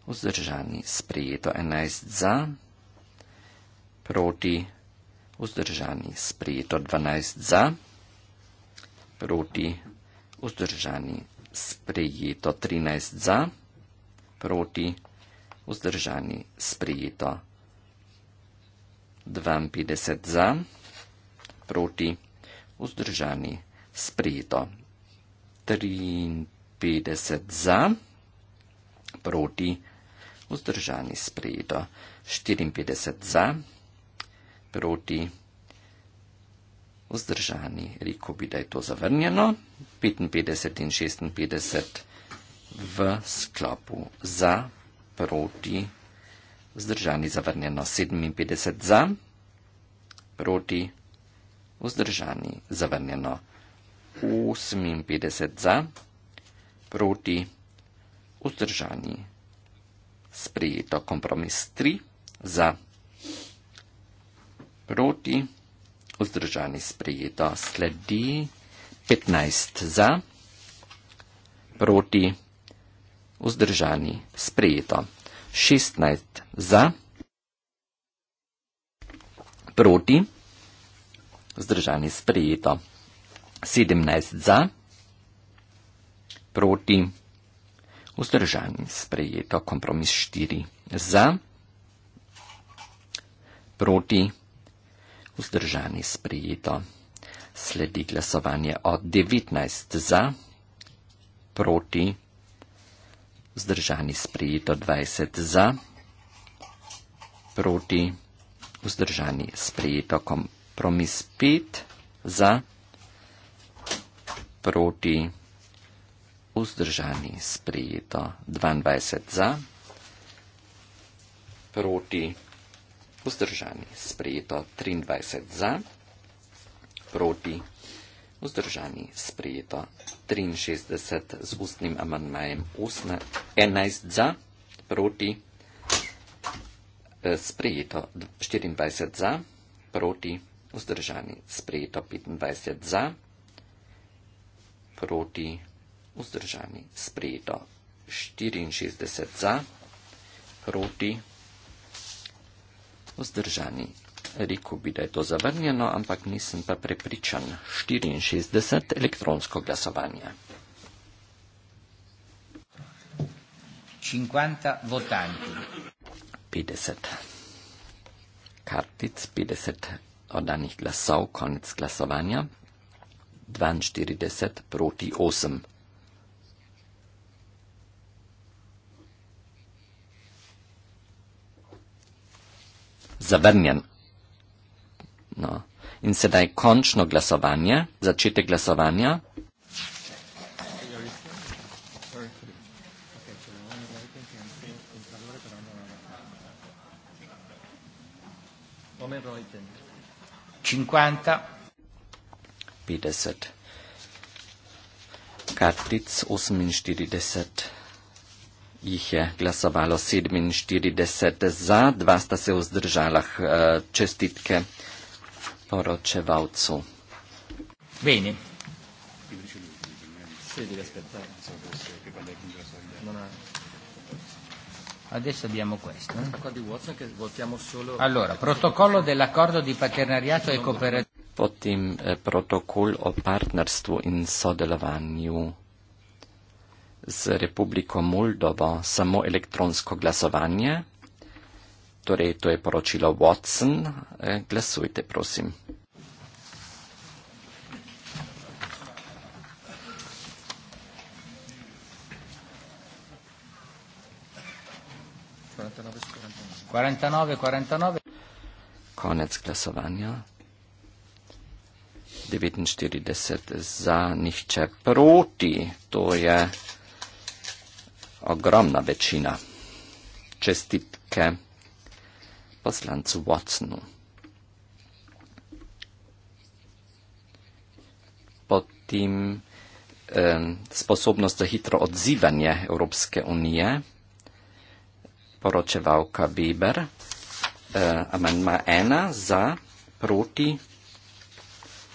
vzdržani, sprijeto 11 za, proti, vzdržani, sprijeto 12 za, proti, proti, vzdržani, sprejeto 13 za, proti, vzdržani, sprejeto 52 za, proti, vzdržani, sprejeto 53 za, proti, vzdržani, sprejeto 54 za, proti, vzdržani, sprejeto 54 za, proti, vzdržani. Reko bi, da je to zavrnjeno. 55 in 56 v sklopu za, proti, vzdržani, zavrnjeno. 57 za, proti, vzdržani, zavrnjeno. 58 za, proti, vzdržani. Sprejeto kompromis 3 za, proti, vzdržani vzdržani sprejeto. Sledi 15 za, proti, vzdržani sprejeto. 16 za, proti, vzdržani sprejeto. 17 za, proti, vzdržani sprejeto. Kompromis 4 za, proti, vzdržani sprejeto vzdržani sprijeto. Sledi glasovanje od 19 za, proti, vzdržani sprijeto 20 za, proti, vzdržani sprijeto kompromis 5 za, proti, vzdržani sprijeto 22 za, proti, vzdržani, sprejeto 23 za, proti, vzdržani, sprejeto 63 z ustnim amandmajem 11 za, proti, eh, sprejeto 24 za, proti, vzdržani, sprejeto 25 za, proti, vzdržani, sprejeto 64 za, proti, vzdržani, sprejeto 64 za, proti, vzdržani. Rekl bi, da je to zavrnjeno, ampak nisem pa prepričan. 64 elektronsko glasovanje. 50 votanti. 50. Kartic 50 oddanih glasov, konec glasovanja. 42 proti 8. zavrnjen. No. In sedaj končno glasovanje, začetek glasovanja. Petdeset. Kartic oseminštirideset jih je glasovalo 47 za, dva sta se vzdržala eh, čestitke poročevalcu. Bene. Adesso abbiamo questo. Eh? Allora, protocollo dell'accordo di partenariato e cooperazione. Potem eh, protocollo o partnerstvo in sodelovanju z Republiko Moldovo samo elektronsko glasovanje. Torej, to je poročilo Watson. E, glasujte, prosim. Konec glasovanja. 49 za, nihče proti. To je ogromna večina. Čestitke poslancu Watsonu. Potem eh, sposobnost za hitro odzivanje Evropske unije, poročevalka Weber, eh, amendma ena za, proti,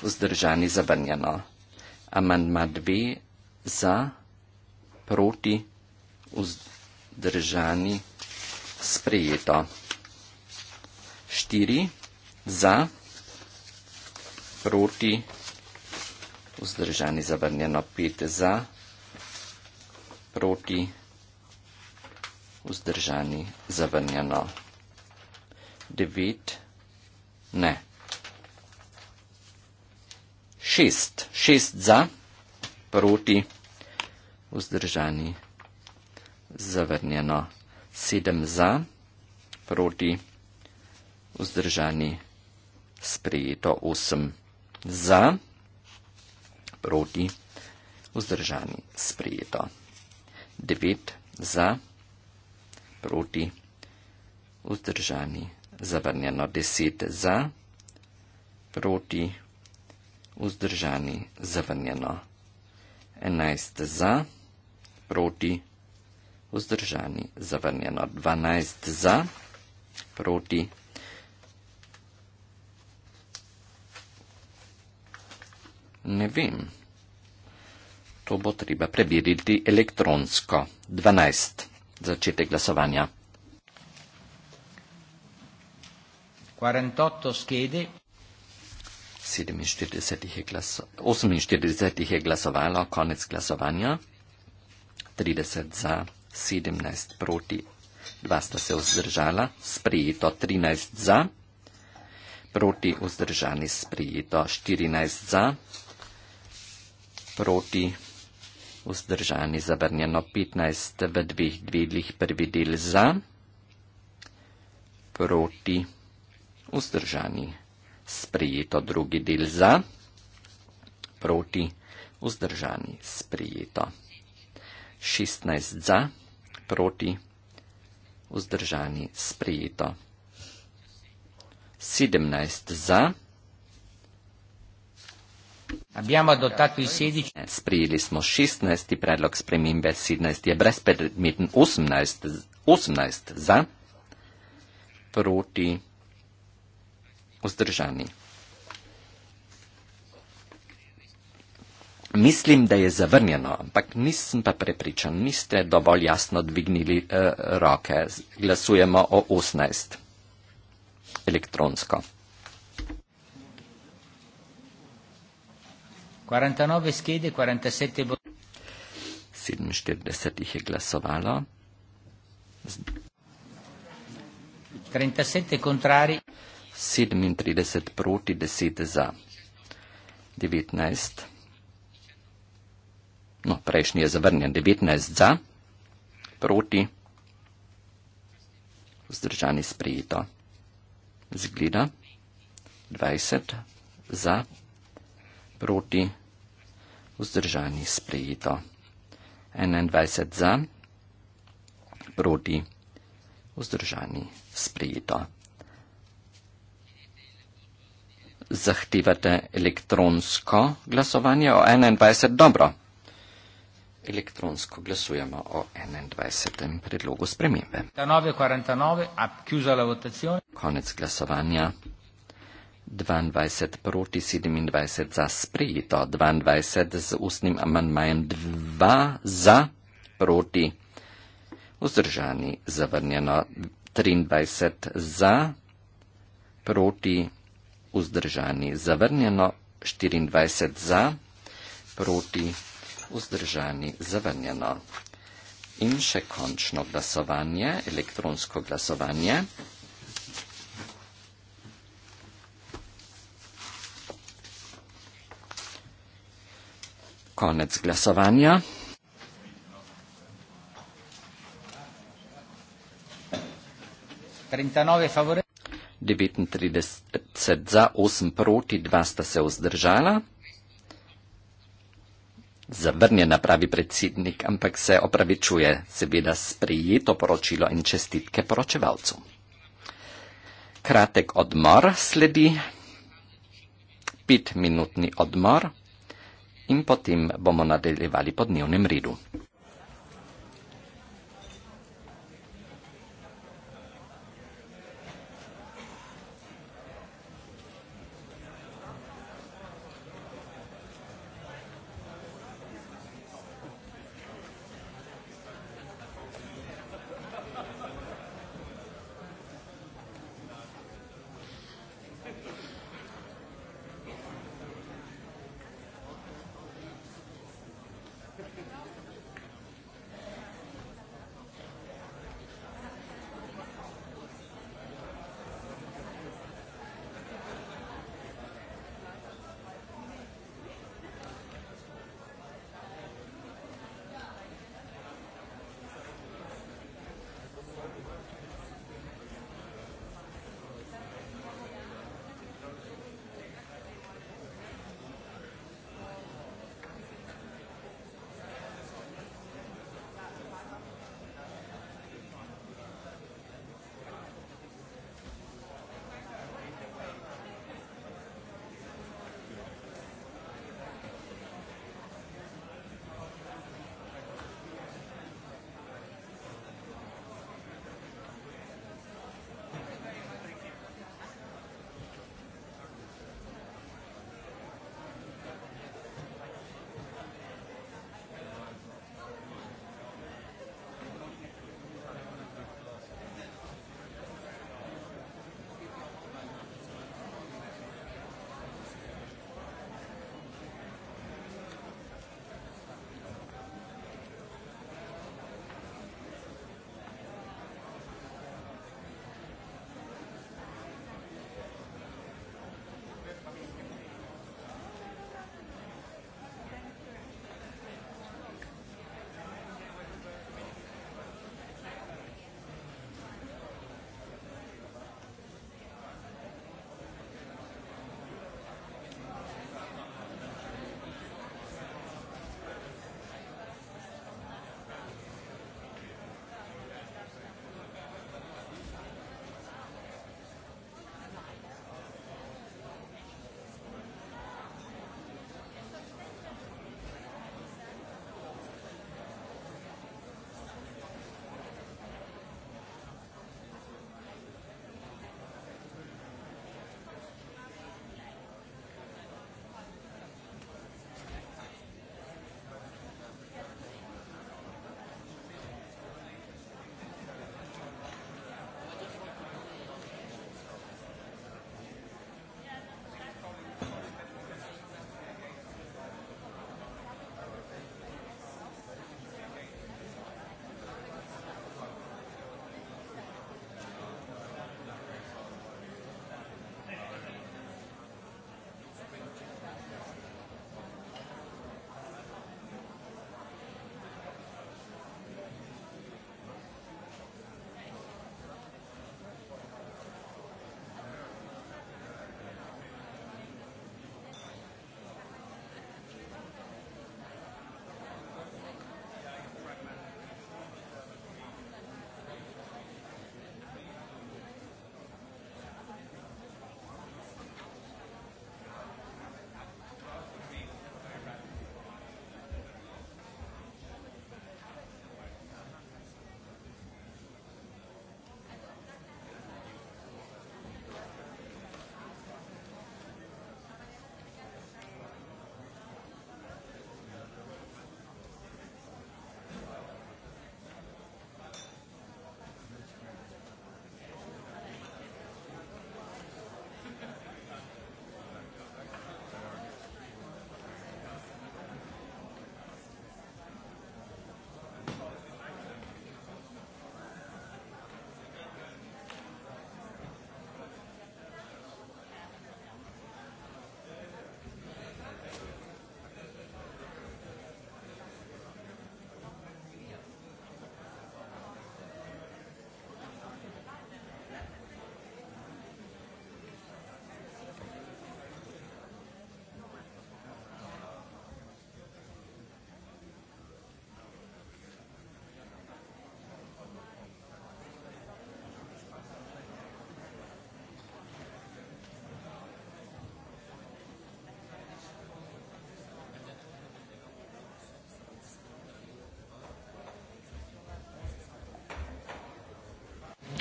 vzdržani, zabrnjeno. Amendma dve za, proti, vzdržani sprejeto. Štiri za, proti, vzdržani zavrnjeno, pet za, proti, vzdržani zavrnjeno, devet ne. Šest, šest za, proti, vzdržani zavrnjeno zavrnjeno. Sedem za, proti, vzdržani, sprejeto. Osem za, proti, vzdržani, sprejeto. Devet za, proti, vzdržani, zavrnjeno. Deset za, proti, vzdržani, zavrnjeno. Enajst za, proti, vzdržani vzdržani, zavrnjeno 12 za, proti 12. Ne vem, to bo treba preveriti elektronsko. 12. Začetek glasovanja. 48 skede. 47 je glaso, 48 je glasovalo, konec glasovanja. 30 za. 17 proti. Dva sta se vzdržala, sprejeto 13 za, proti vzdržani sprejeto 14 za, proti vzdržani zabrnjeno 15 v dveh delih prvi del za, proti vzdržani sprejeto drugi del za, proti vzdržani sprejeto 16 za proti, vzdržani sprejeto. 17 za. Abbiamo adottato i 16. Sprejeli smo 16. predlog spremembe, 17 je brezpredmeten, 18, 18 za, proti, vzdržani. Mislim, da je zavrnjeno, ampak nisem pa prepričan, niste dovolj jasno dvignili uh, roke. Glasujemo o 18. Elektronsko. 49 skede, 47 bo. 47 jih je glasovalo. 37 kontrari. 37 proti, 10 za. 19. No, prejšnji je zavrnjen 19 za, proti, vzdržani sprejeto. Zgleda 20 za, proti, vzdržani sprejeto. 21 za, proti, vzdržani sprejeto. Zahtevate elektronsko glasovanje o 21 dobro elektronsko glasujemo o 21. predlogu spremembe. Konec glasovanja. 22 proti 27 za sprejito, 22 z ustnim amandmajem 2 za proti. Vzdržani zavrnjeno 23 za proti. Vzdržani zavrnjeno 24 za proti vzdržani zavrnjeno. In še končno glasovanje, elektronsko glasovanje. Konec glasovanja. Devetintrideset za, osem proti, dva sta se vzdržala zavrne na pravi predsednik, ampak se opravičuje, seveda sprejeto poročilo in čestitke poročevalcu. Kratek odmor sledi, petminutni odmor in potem bomo nadaljevali po dnevnem redu.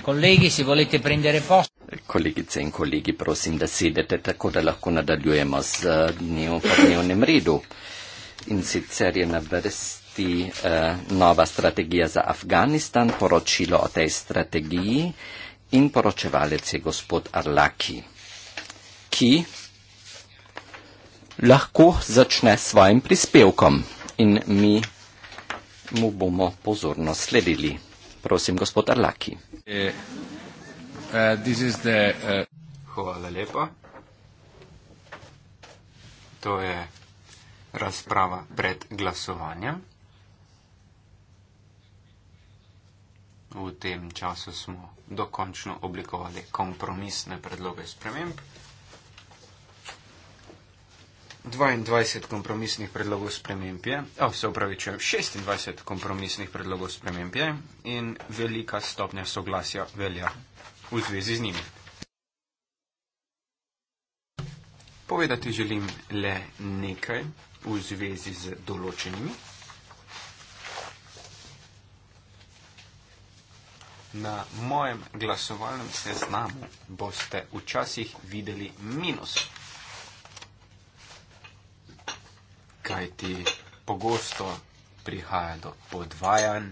colleghi, se volete prendere posto. Kolegice in kolegi, prosim, da sedete tako, da lahko nadaljujemo z dnevnim redom. In sicer je na vrsti uh, nova strategija za Afganistan, poročilo o tej strategiji in poročevalec je gospod Arlaki, ki lahko začne s svojim prispevkom in mi mu bomo pozorno sledili. Prosim, gospod Arlaki. Uh, uh, uh, Hvala lepa. To je razprava pred glasovanjem. V tem času smo dokončno oblikovali kompromisne predloge sprememb. 22 kompromisnih predlogov sprememb je, oh, se upravičujem, 26 kompromisnih predlogov sprememb je in velika stopnja soglasja velja v zvezi z njimi. Povedati želim le nekaj v zvezi z določenimi. Na mojem glasovalnem seznamu boste včasih videli minus. kajti pogosto prihaja do podvajanj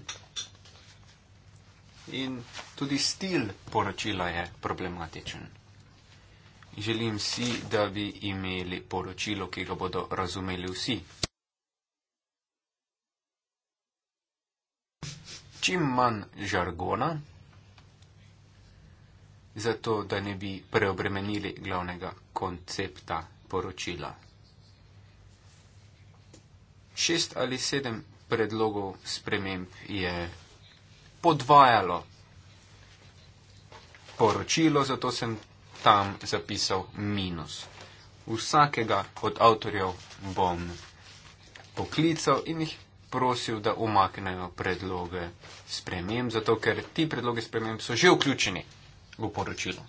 in tudi stil poročila je problematičen. Želim si, da bi imeli poročilo, ki ga bodo razumeli vsi. Čim manj žargona, zato da ne bi preobremenili glavnega koncepta poročila šest ali sedem predlogov sprememb je podvajalo poročilo, zato sem tam zapisal minus. Vsakega od avtorjev bom poklical in jih prosil, da umaknejo predloge sprememb, zato ker ti predloge sprememb so že vključeni v poročilo.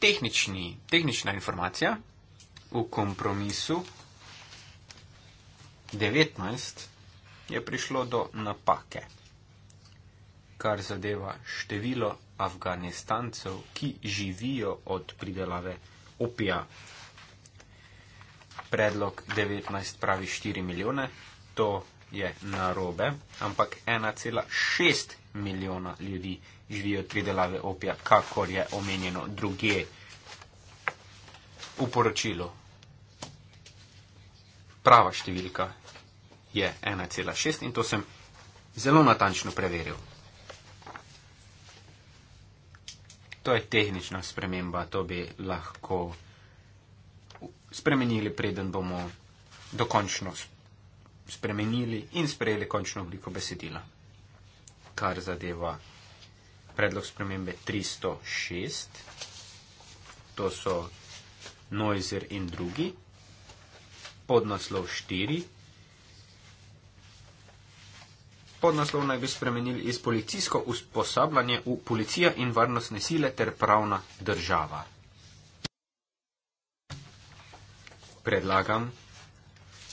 Tehnični, tehnična informacija v kompromisu 19 je prišlo do napake, kar zadeva število afganistancev, ki živijo od pridelave opija. Predlog 19 pravi 4 milijone, to je narobe, ampak 1,6 milijona ljudi živijo od pridelave opija, kakor je omenjeno drugje v poročilu. Prava številka je 1,6 in to sem zelo natančno preveril. To je tehnična sprememba, to bi lahko spremenili, preden bomo dokončno spremenili in sprejeli končno obliko besedila, kar zadeva predlog spremembe 306. To so Noizer in drugi, podnaslov 4. Podnaslov naj bi spremenili iz policijsko usposabljanje v policija in varnostne sile ter pravna država. Predlagam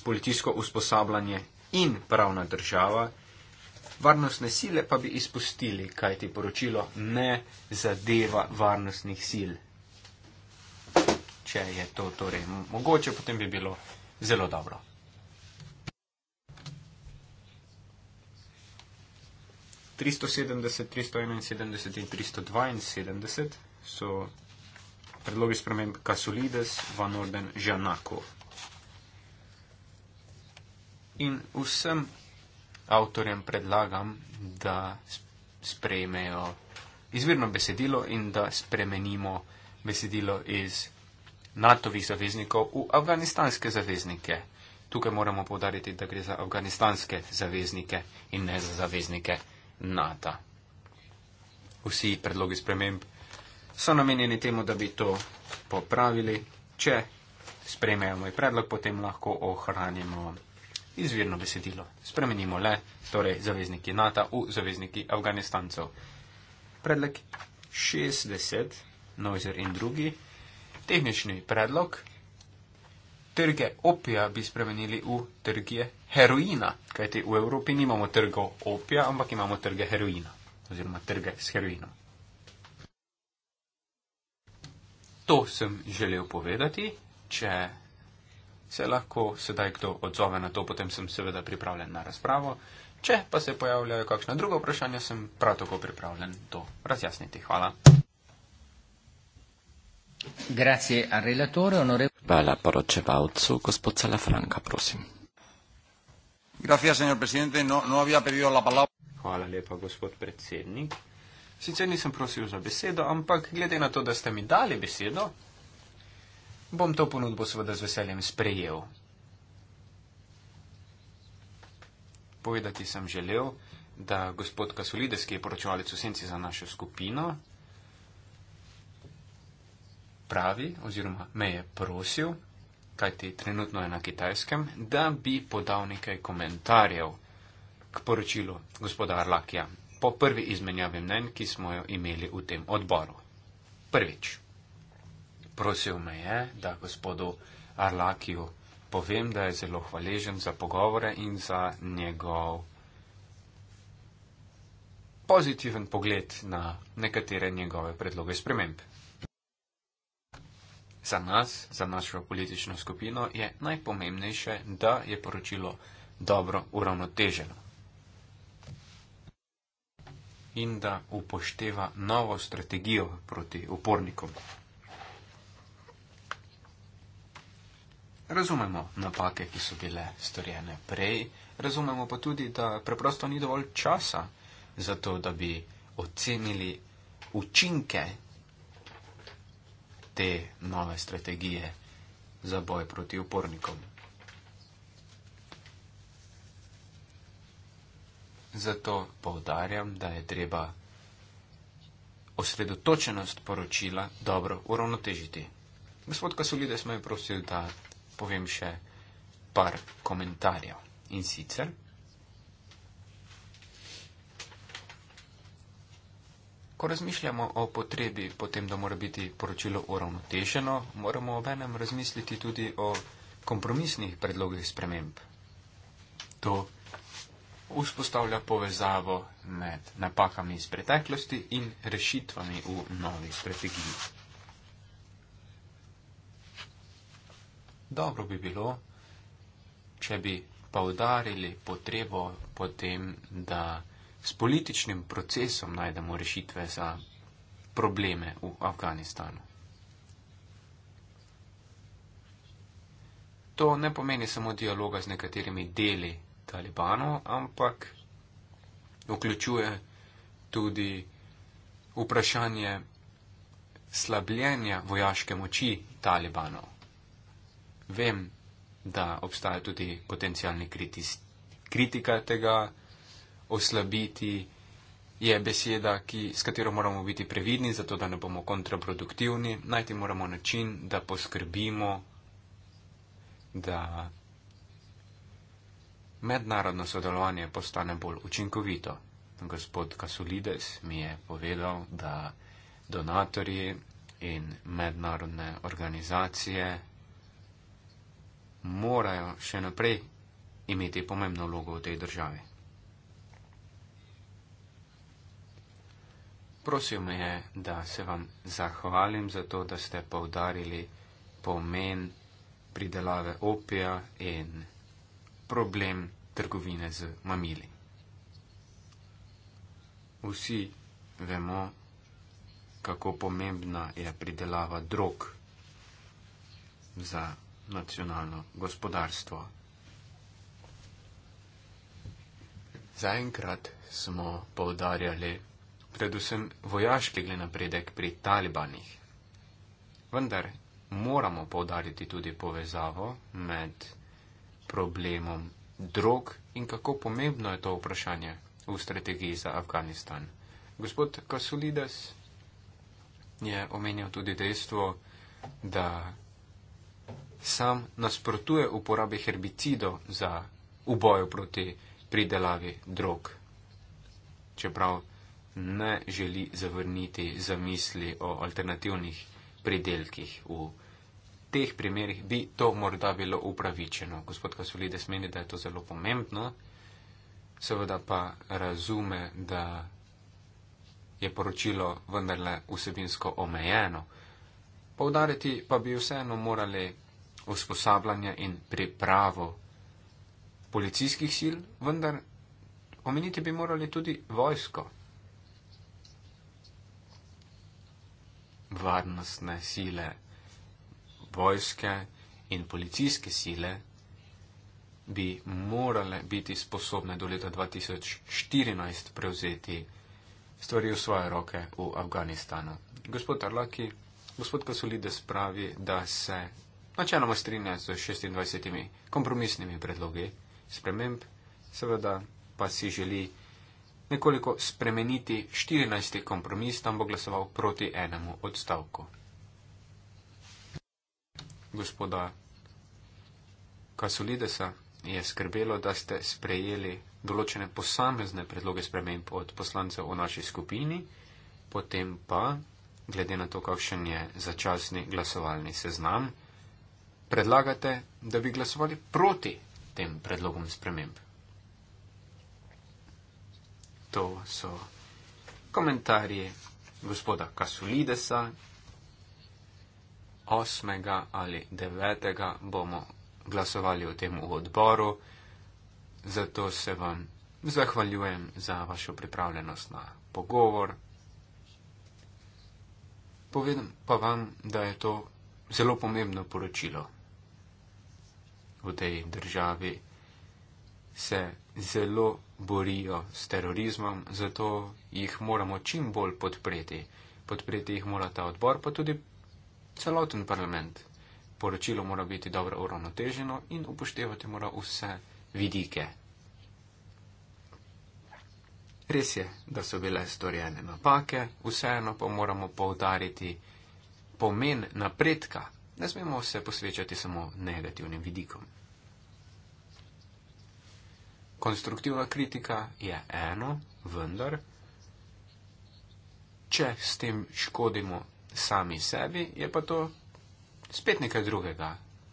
policijsko usposabljanje in pravna država, varnostne sile pa bi izpustili, kajti poročilo ne zadeva varnostnih sil če je to torej mogoče, potem bi bilo zelo dobro. So predlogi sprememb Kasulides v Norden Žanako. In vsem avtorjem predlagam, da sprejmejo izvirno besedilo in da spremenimo besedilo iz NATO-vih zaveznikov v afganistanske zaveznike. Tukaj moramo povdariti, da gre za afganistanske zaveznike in ne za zaveznike NATO. Vsi predlogi sprememb so namenjeni temu, da bi to popravili. Če sprejmejo moj predlog, potem lahko ohranimo izvirno besedilo. Spremenimo le torej zavezniki NATO v zavezniki Afganistancev. Predlog 60, Noizer in drugi tehnični predlog. Trge opija bi spremenili v trge heroina, kajti v Evropi nimamo trgov opija, ampak imamo trge heroina oziroma trge s heroinom. To sem želel povedati. Če se lahko sedaj kdo odzove na to, potem sem seveda pripravljen na razpravo. Če pa se pojavljajo kakšna druga vprašanja, sem prav tako pripravljen to razjasniti. Hvala. Grazie al relatore, onorevole. Grazie, signor Presidente. No, no la Hvala lepa, gospod predsednik. Sicer nisem prosil za besedo, ampak glede na to, da ste mi dali besedo, bom to ponudbo seveda z veseljem sprejel. Povedati sem želel, da gospod Kasulides, ki je poročevalec v senci za našo skupino, pravi, oziroma me je prosil, kajti trenutno je na kitajskem, da bi podal nekaj komentarjev k poročilu gospoda Arlakija po prvi izmenjavi mnen, ki smo jo imeli v tem odboru. Prvič. Prosil me je, da gospodu Arlakiju povem, da je zelo hvaležen za pogovore in za njegov pozitiven pogled na nekatere njegove predloge sprememb. Za nas, za našo politično skupino je najpomembnejše, da je poročilo dobro uravnoteženo in da upošteva novo strategijo proti upornikom. Razumemo napake, ki so bile storjene prej, razumemo pa tudi, da preprosto ni dovolj časa za to, da bi ocenili učinke te nove strategije za boj proti upornikom. Zato povdarjam, da je treba osredotočenost poročila dobro uravnotežiti. Gospod Kasulides me je prosil, da povem še par komentarjev. In sicer, Ko razmišljamo o potrebi po tem, da mora biti poročilo uravnotešeno, moramo obenem razmisliti tudi o kompromisnih predlogih sprememb. To vzpostavlja povezavo med napakami iz preteklosti in rešitvami v novi strategiji. Dobro bi bilo, če bi poudarili potrebo potem, da s političnim procesom najdemo rešitve za probleme v Afganistanu. To ne pomeni samo dialoga z nekaterimi deli talibanov, ampak vključuje tudi vprašanje slabljenja vojaške moči talibanov. Vem, da obstaja tudi potencijalni kritis, kritika tega oslabiti je beseda, ki, s katero moramo biti previdni, zato da ne bomo kontraproduktivni. Najti moramo način, da poskrbimo, da mednarodno sodelovanje postane bolj učinkovito. Gospod Kasulides mi je povedal, da donatorji in mednarodne organizacije morajo še naprej imeti pomembno vlogo v tej državi. Prosil me je, da se vam zahvalim za to, da ste povdarili pomen pridelave opija in problem trgovine z mamili. Vsi vemo, kako pomembna je pridelava drog za nacionalno gospodarstvo. Zaenkrat smo povdarjali, predvsem vojaški gle napredek pri talibanih. Vendar moramo povdariti tudi povezavo med problemom drog in kako pomembno je to vprašanje v strategiji za Afganistan. Gospod Kasulides je omenjal tudi dejstvo, da sam nasprotuje uporabi herbicidov za uboj proti pridelavi drog. Čeprav ne želi zavrniti zamisli o alternativnih pridelkih. V teh primerjih bi to morda bilo upravičeno. Gospod Kasolides meni, da je to zelo pomembno, seveda pa razume, da je poročilo vendarle vsebinsko omejeno. Povdariti pa bi vseeno morali usposabljanje in pripravo policijskih sil, vendar omeniti bi morali tudi vojsko. varnostne sile, vojske in policijske sile bi morale biti sposobne do leta 2014 prevzeti stvari v svoje roke v Afganistanu. Gospod Arlaki, gospod Kasolides pravi, da se načeloma strinja z 26 kompromisnimi predlogi sprememb, seveda pa si želi nekoliko spremeniti 14. kompromis, tam bo glasoval proti enemu odstavku. Gospoda Kasulidesa je skrbelo, da ste sprejeli določene posamezne predloge sprememb od poslancev v naši skupini, potem pa, glede na to, kakšen je začasni glasovalni seznam, predlagate, da bi glasovali proti tem predlogom sprememb to so komentarji gospoda Kasulidesa, 8. ali 9. bomo glasovali o tem v odboru, zato se vam zahvaljujem za vašo pripravljenost na pogovor. Povedam pa vam, da je to zelo pomembno poročilo v tej državi se zelo borijo s terorizmom, zato jih moramo čim bolj podpreti. Podpreti jih mora ta odbor, pa tudi celoten parlament. Poročilo mora biti dobro uravnoteženo in upoštevati mora vse vidike. Res je, da so bile storjene napake, vseeno pa moramo povdariti pomen napredka. Ne smemo se posvečati samo negativnim vidikom. Konstruktivna kritika je eno, vendar, če s tem škodimo sami sebi, je pa to spet nekaj drugega.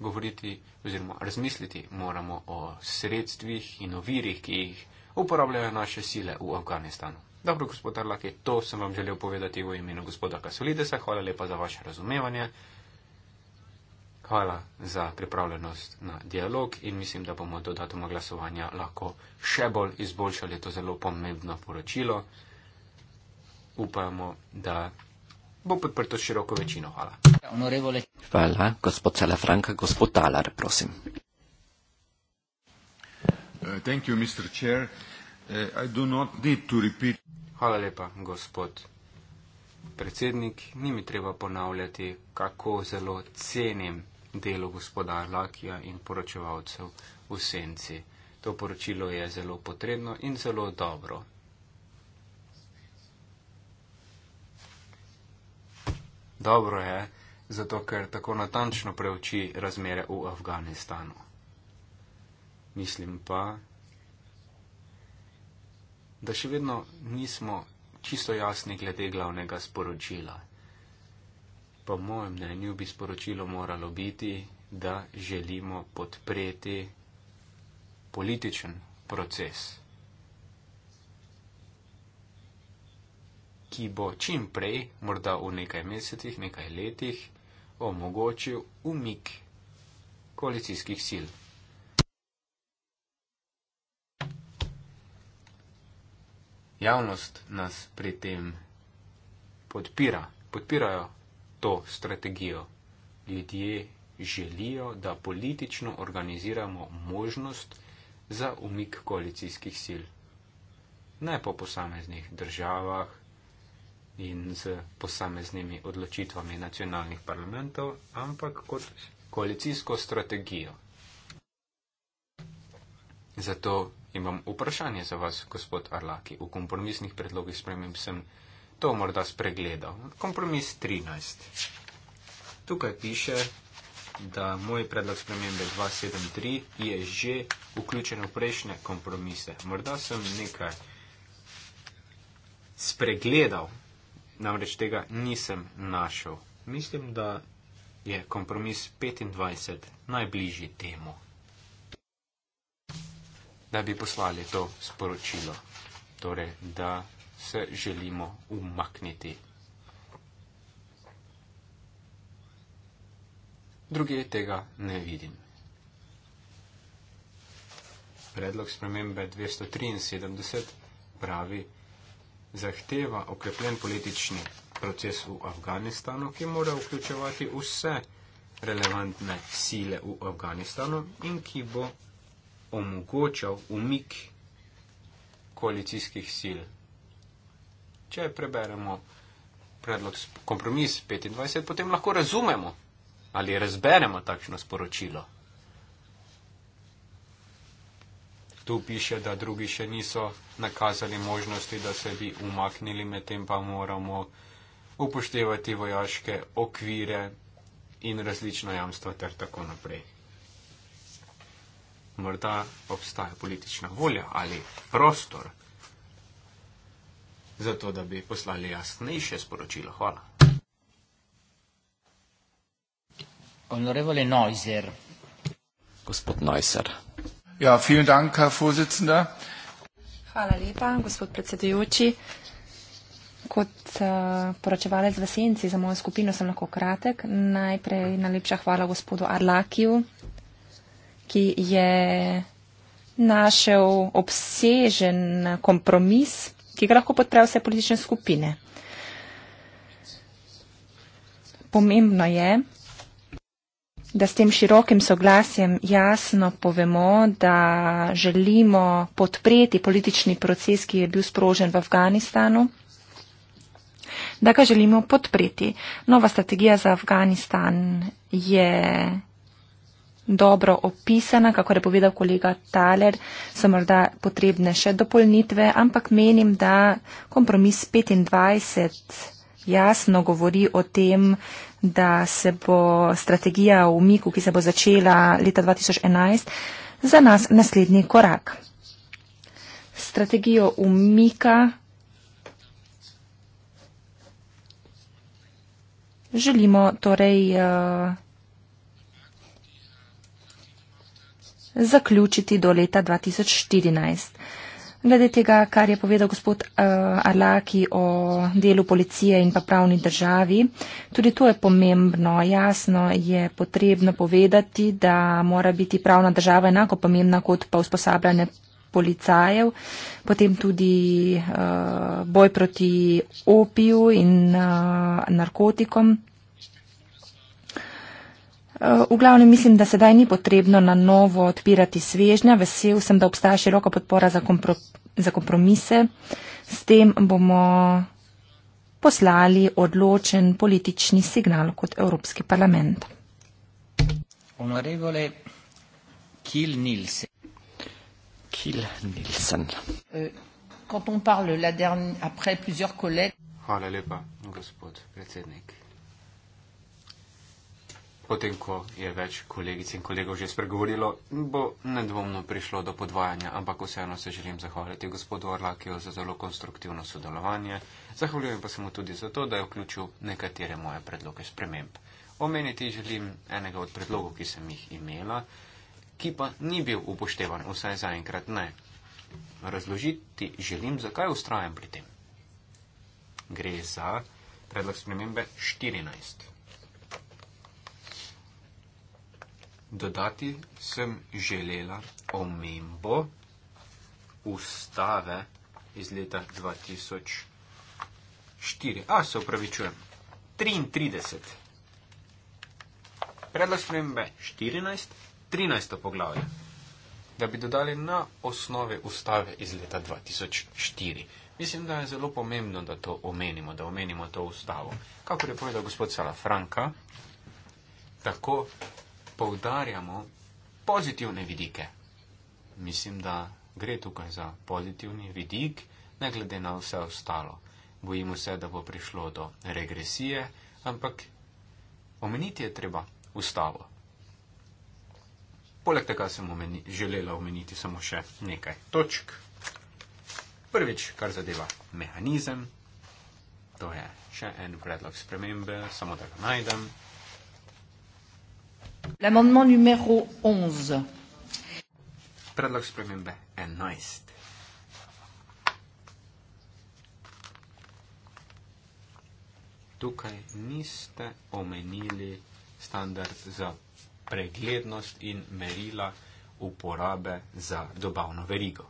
Govoriti oziroma razmisliti moramo o sredstvih in ovirih, ki jih uporabljajo naše sile v Afganistanu. Dobro, gospod Arlake, to sem vam želel povedati v imenu gospoda Kasolidesa. Hvala lepa za vaše razumevanje. Hvala za pripravljenost na dialog in mislim, da bomo do datuma glasovanja lahko še bolj izboljšali to zelo pomembno poročilo. Upamo, da bo podprto široko večino. Hvala. Hvala, gospod Celefranka, gospod Talar, prosim. Uh, uh, Hvala lepa, gospod predsednik. Ni mi treba ponavljati, kako zelo cenim delu gospodar Lakija in poročevalcev v senci. To poročilo je zelo potrebno in zelo dobro. Dobro je, zato ker tako natančno preuči razmere v Afganistanu. Mislim pa, da še vedno nismo čisto jasni glede glavnega sporočila. Po mojem mnenju bi sporočilo moralo biti, da želimo podpreti političen proces, ki bo čim prej, morda v nekaj mesecih, nekaj letih, omogočil umik koalicijskih sil. Javnost nas pri tem podpira, podpirajo to strategijo. Ljudje želijo, da politično organiziramo možnost za umik koalicijskih sil. Ne po posameznih državah in z posameznimi odločitvami nacionalnih parlamentov, ampak kot koalicijsko strategijo. Zato imam vprašanje za vas, gospod Arlaki. V kompromisnih predlogih spremem sem to morda spregledal. Kompromis 13. Tukaj piše, da moj predlog spremembe 273 je že vključen v prejšnje kompromise. Morda sem nekaj spregledal, namreč tega nisem našel. Mislim, da je kompromis 25 najbližji temu, da bi poslali to sporočilo. Torej, da se želimo umakniti. Drugi tega ne vidim. Predlog spremembe 273 pravi, zahteva okrepljen politični proces v Afganistanu, ki mora vključevati vse relevantne sile v Afganistanu in ki bo omogočal umik koalicijskih sil če preberemo predlog kompromis 25, potem lahko razumemo ali razberemo takšno sporočilo. Tu piše, da drugi še niso nakazali možnosti, da se bi umaknili, medtem pa moramo upoštevati vojaške okvire in različno jamstvo ter tako naprej. Morda obstaja politična volja ali prostor zato da bi poslali jasnejše sporočilo. Hvala. Honorevole Neuser. Gospod Neuser. Ja, vielen Dank, Herr Vorsitzender. Hvala lepa, gospod predsedujoči. Kot uh, poročevalec v senci za mojo skupino sem lahko kratek. Najprej najlepša hvala gospodu Arlakiju, ki je našel obsežen kompromis ki ga lahko podprejo vse politične skupine. Pomembno je, da s tem širokim soglasjem jasno povemo, da želimo podpreti politični proces, ki je bil sprožen v Afganistanu, da ga želimo podpreti. Nova strategija za Afganistan je dobro opisana, kako je povedal kolega Taler, so morda potrebne še dopolnitve, ampak menim, da kompromis 25 jasno govori o tem, da se bo strategija v miku, ki se bo začela leta 2011, za nas naslednji korak. Strategijo umika želimo torej uh, zaključiti do leta 2014. Glede tega, kar je povedal gospod uh, Arlaki o delu policije in pa pravni državi, tudi to je pomembno. Jasno je potrebno povedati, da mora biti pravna država enako pomembna kot pa usposabljanje policajev, potem tudi uh, boj proti opiju in uh, narkotikom. Eh, v glavnem mislim, da sedaj ni potrebno na novo odpirati svežnja. Vesel sem, da obstaja široka podpora za, komprom za kompromise. S tem bomo poslali odločen politični signal kot Evropski parlament. Honorevole Kil Nilsen. Kil Nilsen. Eh, Hvala lepa, gospod predsednik potem, ko je več kolegic in kolegov že spregovorilo, bo nedvomno prišlo do podvajanja, ampak vseeno se želim zahvaliti gospodu Orlakiju za zelo konstruktivno sodelovanje. Zahvaljujem pa se mu tudi za to, da je vključil nekatere moje predloge sprememb. Omeniti želim enega od predlogov, ki sem jih imela, ki pa ni bil upoštevan, vsaj zaenkrat ne. Razložiti želim, zakaj ustrajam pri tem. Gre za predlog spremembe 14. Dodati sem želela omembo ustave iz leta 2004. A, se upravičujem. 33. Predlog spremembe 14. 13. poglavje. Da bi dodali na osnove ustave iz leta 2004. Mislim, da je zelo pomembno, da to omenimo, da omenimo to ustavo. Kako je povedal gospod Salafranka, tako poudarjamo pozitivne vidike. Mislim, da gre tukaj za pozitivni vidik, ne glede na vse ostalo. Bojimo se, da bo prišlo do regresije, ampak omeniti je treba ustavo. Poleg tega sem omeni, želela omeniti samo še nekaj točk. Prvič, kar zadeva mehanizem, to je še en predlog spremembe, samo da ga najdem. L'amendement numéro 11. Predlog spremembe 11. Tukaj niste omenili standard za preglednost in merila uporabe za dobavno verigo.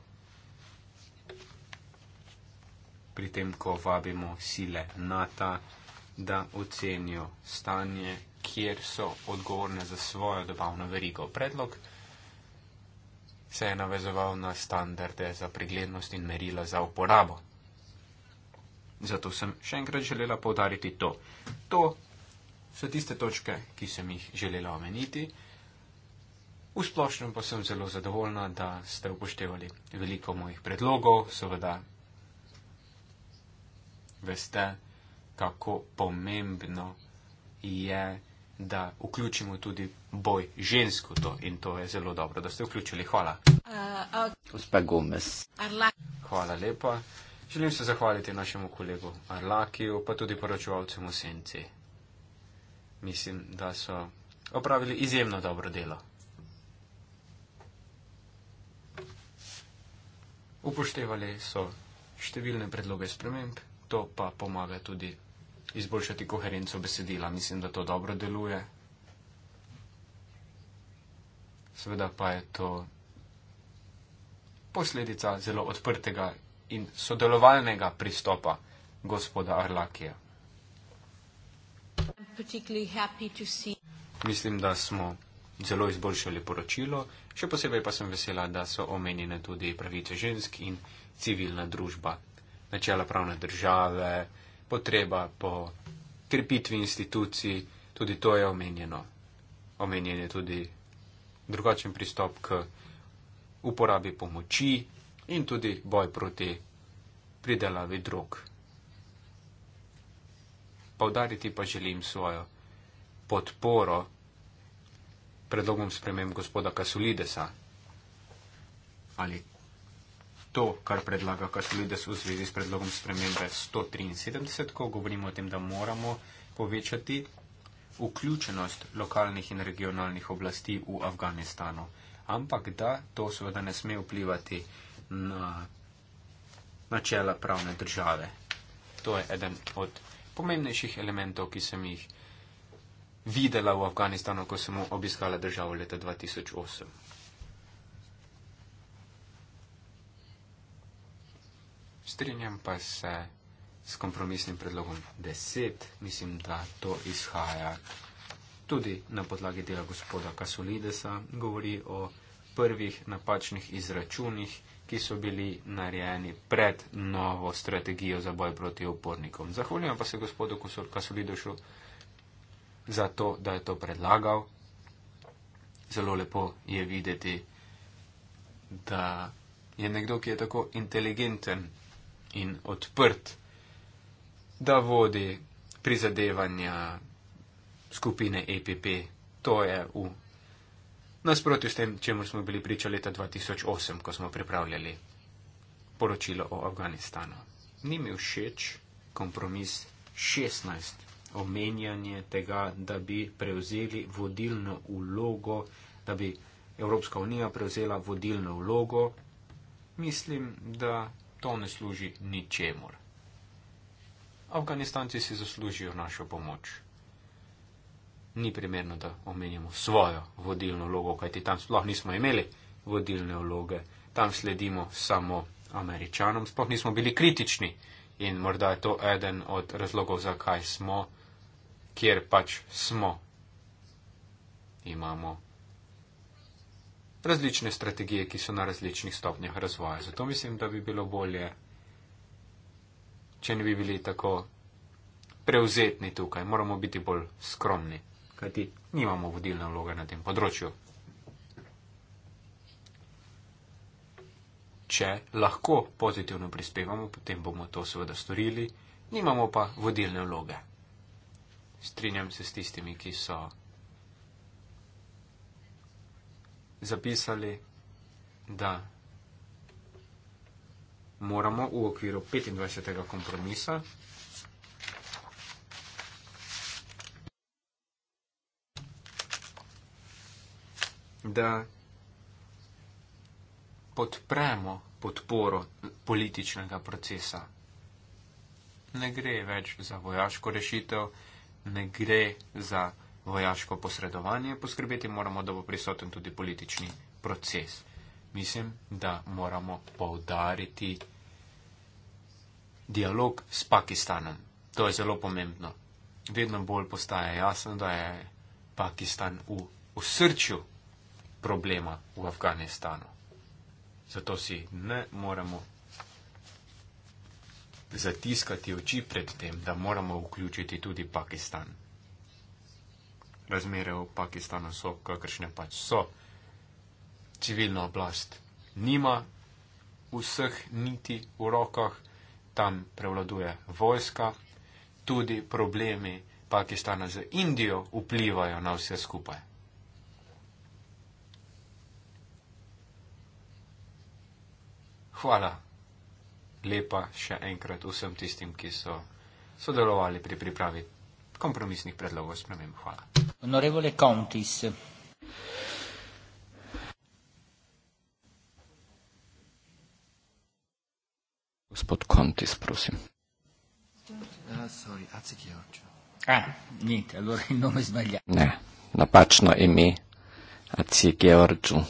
Pri tem, ko vabimo sile NATO, da ocenijo stanje kjer so odgovorne za svojo dobavno verigo. Predlog se je navezoval na standarde za preglednost in merila za uporabo. Zato sem še enkrat želela povdariti to. To so tiste točke, ki sem jih želela omeniti. V splošnem pa sem zelo zadovoljna, da ste upoštevali veliko mojih predlogov. Seveda veste, kako pomembno je da vključimo tudi boj žensk v to in to je zelo dobro, da ste vključili. Hvala. Gospa uh, Gomez. Okay. Hvala lepa. Želim se zahvaliti našemu kolegu Arlakiju, pa tudi poročevalcem v Senci. Mislim, da so opravili izjemno dobro delo. Upoštevali so številne predloge sprememb, to pa pomaga tudi izboljšati koherenco besedila. Mislim, da to dobro deluje. Seveda pa je to posledica zelo odprtega in sodelovalnega pristopa gospoda Arlakija. Mislim, da smo zelo izboljšali poročilo, še posebej pa sem vesela, da so omenjene tudi pravice žensk in civilna družba, načela pravne države potreba po krepitvi institucij, tudi to je omenjeno. Omenjen je tudi drugačen pristop k uporabi pomoči in tudi boj proti pridelavi drog. Povdariti pa želim svojo podporo predlogom spremem gospoda Kasulidesa ali to, kar predlaga Katolides v zvezi s predlogom spremembe 173, ko govorimo o tem, da moramo povečati vključenost lokalnih in regionalnih oblasti v Afganistanu. Ampak da to seveda ne sme vplivati na načela pravne države. To je eden od pomembnejših elementov, ki sem jih videla v Afganistanu, ko sem obiskala državo leta 2008. strinjam pa se s kompromisnim predlogom 10. Mislim, da to izhaja tudi na podlagi dela gospoda Kasulidesa, govori o prvih napačnih izračunih, ki so bili narejeni pred novo strategijo za boj proti upornikom. Zahvaljujem pa se gospodu Kasulidesu za to, da je to predlagal. Zelo lepo je videti, da je nekdo, ki je tako inteligenten, in odprt, da vodi prizadevanja skupine EPP. To je v nasprotju s tem, čemu smo bili priča leta 2008, ko smo pripravljali poročilo o Afganistanu. Ni mi všeč kompromis 16, omenjanje tega, da bi prevzeli vodilno vlogo, da bi Evropska unija prevzela vodilno vlogo. Mislim, da to ne služi ničemur. Afganistanci si zaslužijo našo pomoč. Ni primerno, da omenjamo svojo vodilno vlogo, kajti tam sploh nismo imeli vodilne vloge, tam sledimo samo američanom, sploh nismo bili kritični in morda je to eden od razlogov, zakaj smo, kjer pač smo. Imamo različne strategije, ki so na različnih stopnjah razvoja. Zato mislim, da bi bilo bolje, če ne bi bili tako preuzetni tukaj. Moramo biti bolj skromni. Kajti? Nimamo vodilne vloge na tem področju. Če lahko pozitivno prispevamo, potem bomo to seveda storili, nimamo pa vodilne vloge. Strinjam se s tistimi, ki so. zapisali, da moramo v okviru 25. kompromisa da podpremo podporo političnega procesa. Ne gre več za vojaško rešitev, ne gre za vojaško posredovanje, poskrbeti moramo, da bo prisoten tudi politični proces. Mislim, da moramo povdariti dialog s Pakistanom. To je zelo pomembno. Vedno bolj postaje jasno, da je Pakistan v, v srču problema v Afganistanu. Zato si ne moremo zatiskati oči pred tem, da moramo vključiti tudi Pakistan razmere v Pakistanu so, kakršne pač so. Civilna oblast nima vseh niti v rokah, tam prevladuje vojska, tudi problemi Pakistana z Indijo vplivajo na vse skupaj. Hvala lepa še enkrat vsem tistim, ki so sodelovali pri pripravi kompromisnih predlogov spremem. Hvala. Onorevole Contis. Gospod Contis, prosim. A, ah, ah, niente, allora il nome è sbagliato. Ne, napačno ime, Aci Georgiu.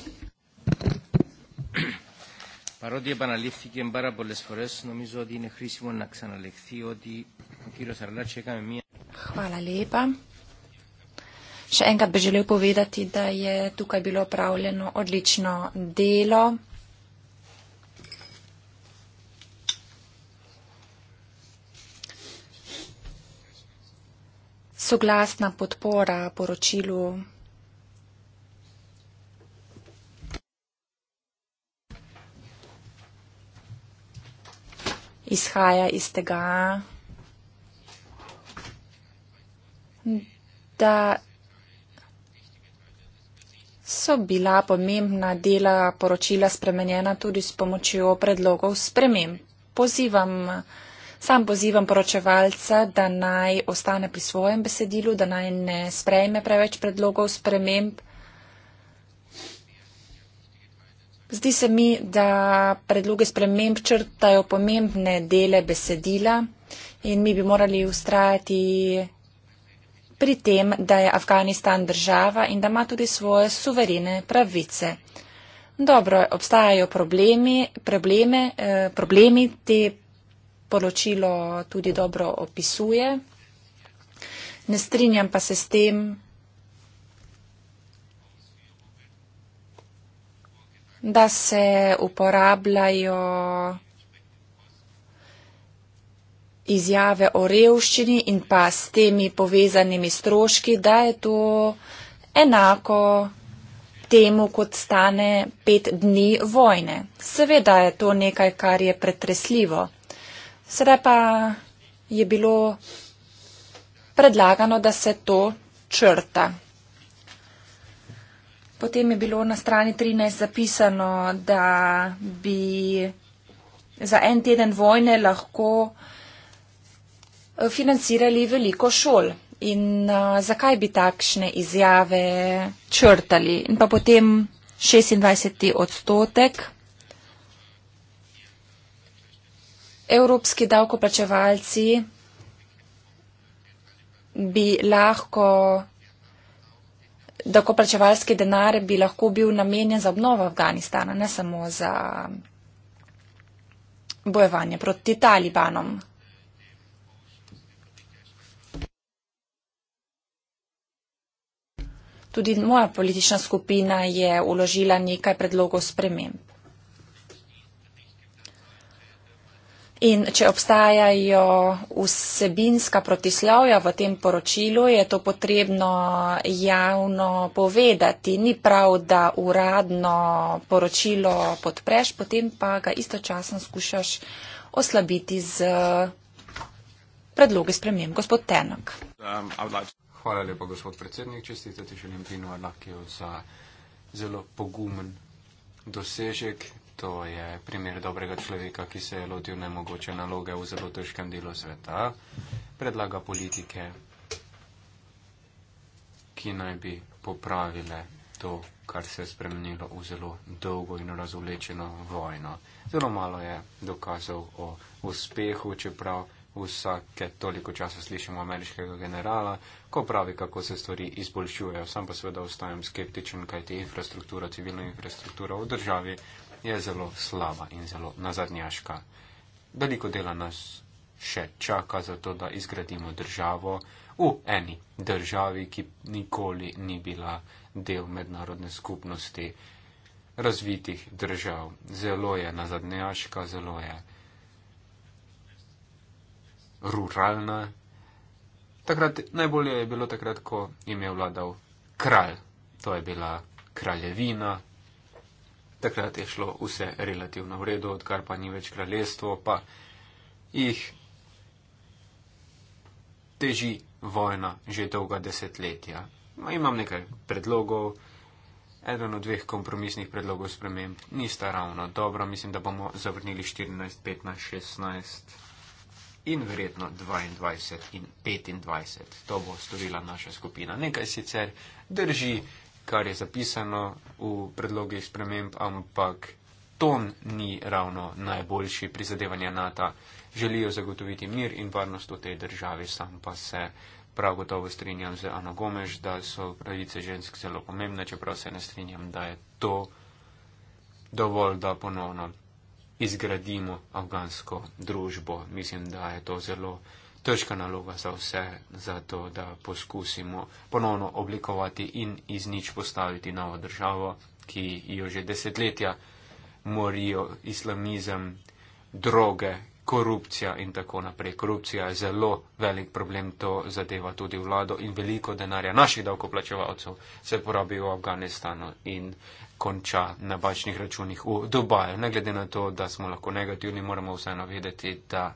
Παρότι επαναλήφθηκε πάρα πολλέ φορέ, νομίζω ότι είναι χρήσιμο να ξαναλεχθεί ότι ο κύριο Αρλάτσι έκανε μία. Χαλαλίπα. Še enkrat bi želel povedati, da je tukaj bilo opravljeno odlično delo. Soglasna podpora poročilu. izhaja iz tega, da so bila pomembna dela poročila spremenjena tudi s pomočjo predlogov spremem. Pozivam, sam pozivam poročevalca, da naj ostane pri svojem besedilu, da naj ne sprejme preveč predlogov sprememb. Zdi se mi, da predloge sprememb črtajo pomembne dele besedila in mi bi morali ustrajati pri tem, da je Afganistan država in da ima tudi svoje suverene pravice. Dobro, obstajajo problemi, probleme, eh, problemi te poročilo tudi dobro opisuje. Ne strinjam pa se s tem, da se uporabljajo izjave o revščini in pa s temi povezanimi stroški, da je to enako temu, kot stane pet dni vojne. Seveda je to nekaj, kar je pretresljivo. Sedaj pa je bilo predlagano, da se to črta. Potem je bilo na strani 13 zapisano, da bi za en teden vojne lahko financirali veliko šol. In uh, zakaj bi takšne izjave črtali? In pa potem 26 odstotek evropski davkoplačevalci bi lahko, davkoplačevalski denar bi lahko bil namenjen za obnovo Afganistana, ne samo za bojevanje proti talibanom. Tudi moja politična skupina je uložila nekaj predlogov sprememb. In če obstajajo vsebinska protislovja v tem poročilu, je to potrebno javno povedati. Ni prav, da uradno poročilo podpreš, potem pa ga istočasno skušaš oslabiti z predloge spremem. Gospod Tenok. Um, Hvala lepa, gospod predsednik. Čestitati želim Pinu Alakiju za zelo pogumen dosežek. To je primer dobrega človeka, ki se je lotil nemogoče naloge v zelo težkem delu sveta. Predlaga politike, ki naj bi popravile to, kar se je spremenilo v zelo dolgo in razvlečeno vojno. Zelo malo je dokazov o uspehu, čeprav vsake toliko časa slišimo ameriškega generala, ko pravi, kako se stvari izboljšujejo. Sam pa seveda ostajam skeptičen, kaj ti infrastruktura, civilna infrastruktura v državi je zelo slaba in zelo nazadnjaška. Veliko dela nas še čaka za to, da izgradimo državo v eni državi, ki nikoli ni bila del mednarodne skupnosti razvitih držav. Zelo je nazadnjaška, zelo je ruralna. Takrat, najbolje je bilo takrat, ko jim je vladal kralj. To je bila kraljevina. Takrat je šlo vse relativno v redu, odkar pa ni več kraljestvo, pa jih teži vojna že dolga desetletja. No, imam nekaj predlogov. Eden od dveh kompromisnih predlogov sprememb nista ravno dobro. Mislim, da bomo zavrnili 14, 15, 16 in verjetno 22 in 25. To bo storila naša skupina. Nekaj sicer drži, kar je zapisano v predlogih sprememb, ampak ton ni ravno najboljši prizadevanja NATO. Želijo zagotoviti mir in varnost v tej državi, sam pa se prav gotovo strinjam z Ano Gomež, da so pravice žensk zelo pomembne, čeprav se ne strinjam, da je to dovolj, da ponovno izgradimo afgansko družbo. Mislim, da je to zelo težka naloga za vse, zato da poskusimo ponovno oblikovati in iz nič postaviti novo državo, ki jo že desetletja morijo islamizem, droge, korupcija in tako naprej. Korupcija je zelo velik problem, to zadeva tudi vlado in veliko denarja naših davkoplačevalcev se porabi v Afganistanu in konča na bančnih računih v Dubaju. Ne glede na to, da smo lahko negativni, moramo vseeno vedeti, da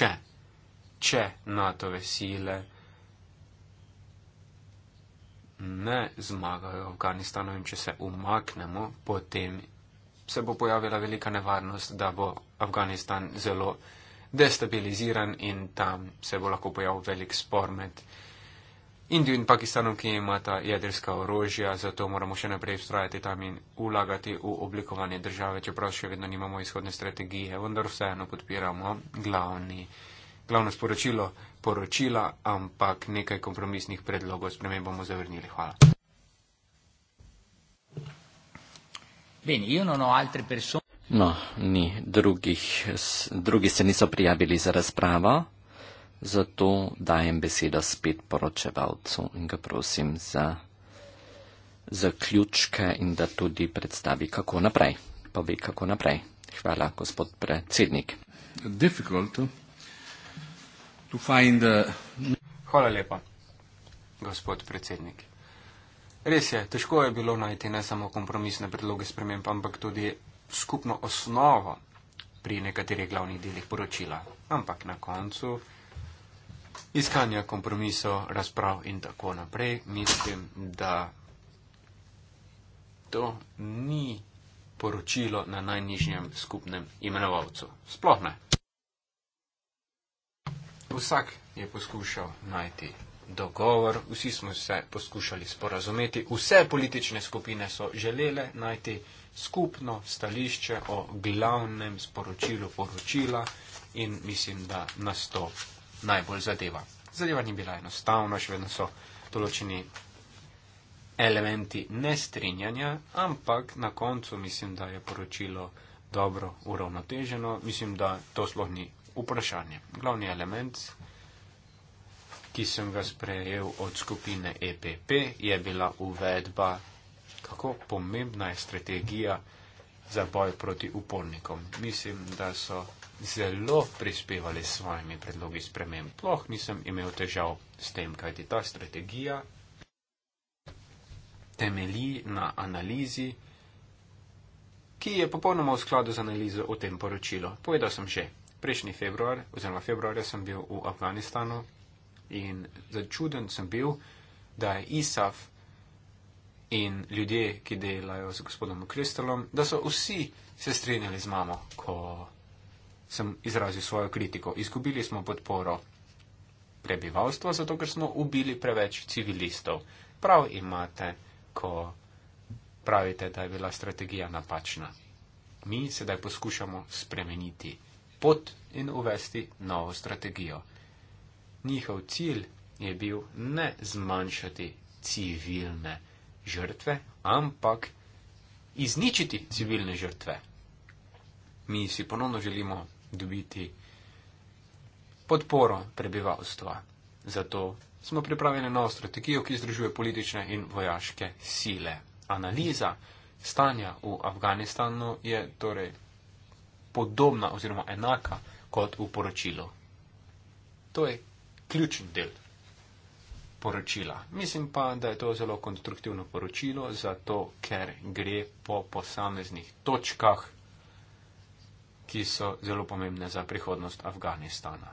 če, če NATO vesile ne zmagajo v Afganistanu in če se umaknemo, potem se bo pojavila velika nevarnost, da bo Afganistan zelo destabiliziran in tam se bo lahko pojavil velik spor med. Indijo in Pakistanom, ki imata jedrska orožja, zato moramo še naprej vztrajati tam in ulagati v oblikovanje države, čeprav še vedno nimamo izhodne strategije, vendar vseeno podpiramo glavni, glavno sporočilo poročila, ampak nekaj kompromisnih predlogov sprememb bomo zavrnili. Hvala. Bene, io non ho altre persone. No, ni drugih, drugi se niso prijavili za razpravo. Zato dajem besedo spet poročevalcu in ga prosim za zaključke in da tudi predstavi, kako naprej. Pove, kako naprej. Hvala, gospod predsednik. Uh, Hvala lepa, gospod predsednik. Res je, težko je bilo najti ne samo kompromisne predloge sprememb, ampak tudi skupno osnovo pri nekaterih glavnih delih poročila. Ampak na koncu iskanja kompromisov, razprav in tako naprej. Mislim, da to ni poročilo na najnižjem skupnem imenovalcu. Sploh ne. Vsak je poskušal najti dogovor, vsi smo se poskušali sporazumeti, vse politične skupine so želele najti skupno stališče o glavnem sporočilu poročila in mislim, da nas to najbolj zadeva. Zadeva ni bila enostavna, še vedno so določeni elementi nestrinjanja, ampak na koncu mislim, da je poročilo dobro uravnoteženo. Mislim, da to sploh ni vprašanje. Glavni element, ki sem ga sprejel od skupine EPP, je bila uvedba, kako pomembna je strategija za boj proti upornikom. Mislim, da so zelo prispevali s svojimi predlogi sprememb. Ploh nisem imel težav s tem, kajti ta strategija temelji na analizi, ki je popolnoma v skladu z analizo v tem poročilu. Povedal sem že, prejšnji februar oziroma februarja sem bil v Afganistanu in začuden sem bil, da je ISAF in ljudje, ki delajo z gospodom Kristalom, da so vsi se strinjali z mamo, ko sem izrazil svojo kritiko. Izgubili smo podporo prebivalstva, zato ker smo ubili preveč civilistov. Prav imate, ko pravite, da je bila strategija napačna. Mi sedaj poskušamo spremeniti pot in uvesti novo strategijo. Njihov cilj je bil ne zmanjšati civilne žrtve, ampak izničiti civilne žrtve. Mi si ponovno želimo dobiti podporo prebivalstva. Zato smo pripravili novo strategijo, ki združuje politične in vojaške sile. Analiza stanja v Afganistanu je torej podobna oziroma enaka kot v poročilu. To je ključen del poročila. Mislim pa, da je to zelo konstruktivno poročilo, zato ker gre po posameznih točkah ki so zelo pomembne za prihodnost Afganistana.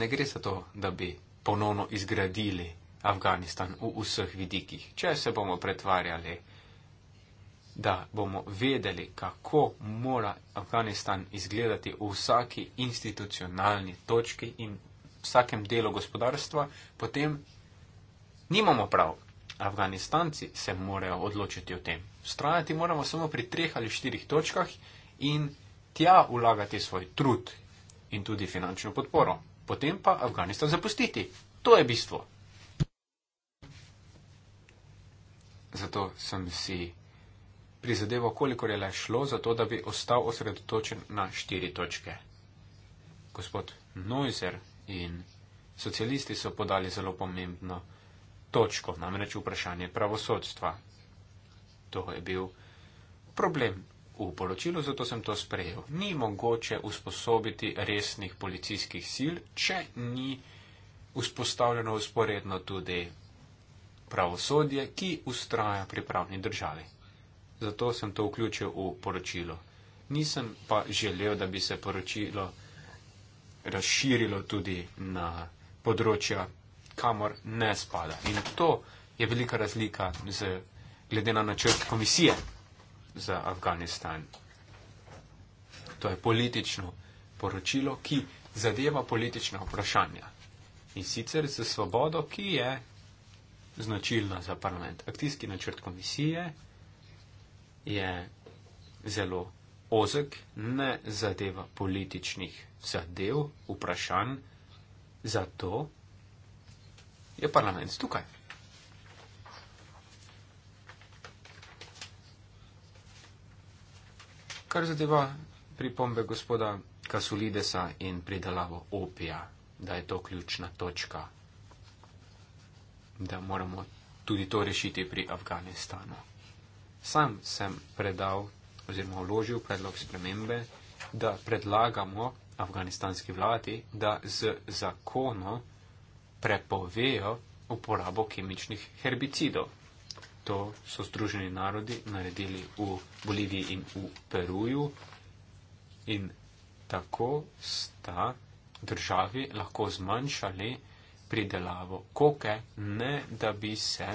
Ne gre za to, da bi ponovno izgradili Afganistan v vseh vidikih. Če se bomo pretvarjali, da bomo vedeli, kako mora Afganistan izgledati v vsaki institucionalni točki in vsakem delu gospodarstva, potem nimamo prav. Afganistanci se morajo odločiti o tem. Strajati moramo samo pri treh ali štirih točkah in tja vlagati svoj trud in tudi finančno podporo. Potem pa Afganistan zapustiti. To je bistvo. Zato sem si prizadeval, koliko je le šlo, zato da bi ostal osredotočen na štiri točke. Gospod Neuser in socialisti so podali zelo pomembno točko, namreč vprašanje pravosodstva. To je bil problem v poročilu, zato sem to sprejel. Ni mogoče usposobiti resnih policijskih sil, če ni vzpostavljeno usporedno tudi pravosodje, ki ustraja pri pravni državi. Zato sem to vključil v poročilo. Nisem pa želel, da bi se poročilo razširilo tudi na področja, kamor ne spada. In to je velika razlika z, glede na načrt komisije za Afganistan. To je politično poročilo, ki zadeva politična vprašanja. In sicer za svobodo, ki je značilna za parlament. Akcijski načrt komisije je zelo ozek, ne zadeva političnih zadev, vprašanj, zato je parlament tukaj. Kar zadeva pripombe gospoda Kasulidesa in pridelavo opija, da je to ključna točka, da moramo tudi to rešiti pri Afganistanu. Sam sem predal oziroma vložil predlog spremembe, da predlagamo afganistanski vladi, da z zakono prepovejo uporabo kemičnih herbicidov to so združeni narodi naredili v Boliviji in v Peruju. In tako sta državi lahko zmanjšali pridelavo koke, ne da bi se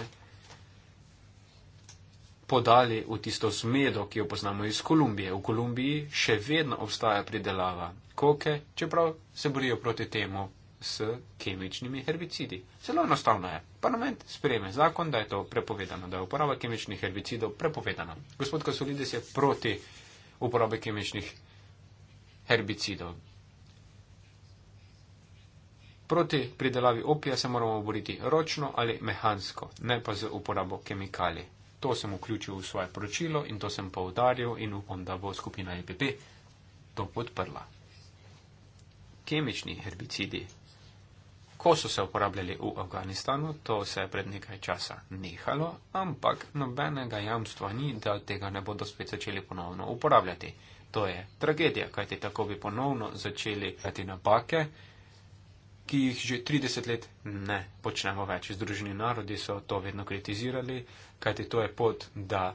podali v tisto zmedo, ki jo poznamo iz Kolumbije. V Kolumbiji še vedno obstaja pridelava koke, čeprav se borijo proti temu s kemičnimi herbicidi. Zelo enostavno je. Parlament sprejme zakon, da je to prepovedano, da je uporaba kemičnih herbicidov prepovedana. Gospod Kasolides je proti uporabi kemičnih herbicidov. Proti pridelavi opija se moramo boriti ročno ali mehansko, ne pa z uporabo kemikalij. To sem vključil v svoje poročilo in to sem povdaril in upam, da bo skupina EPP to podprla. Kemični herbicidi ko so se uporabljali v Afganistanu, to se je pred nekaj časa nehalo, ampak nobenega jamstva ni, da tega ne bodo spet začeli ponovno uporabljati. To je tragedija, kajti tako bi ponovno začeli leti napake, ki jih že 30 let ne počnemo več. Združeni narodi so to vedno kritizirali, kajti to je pot, da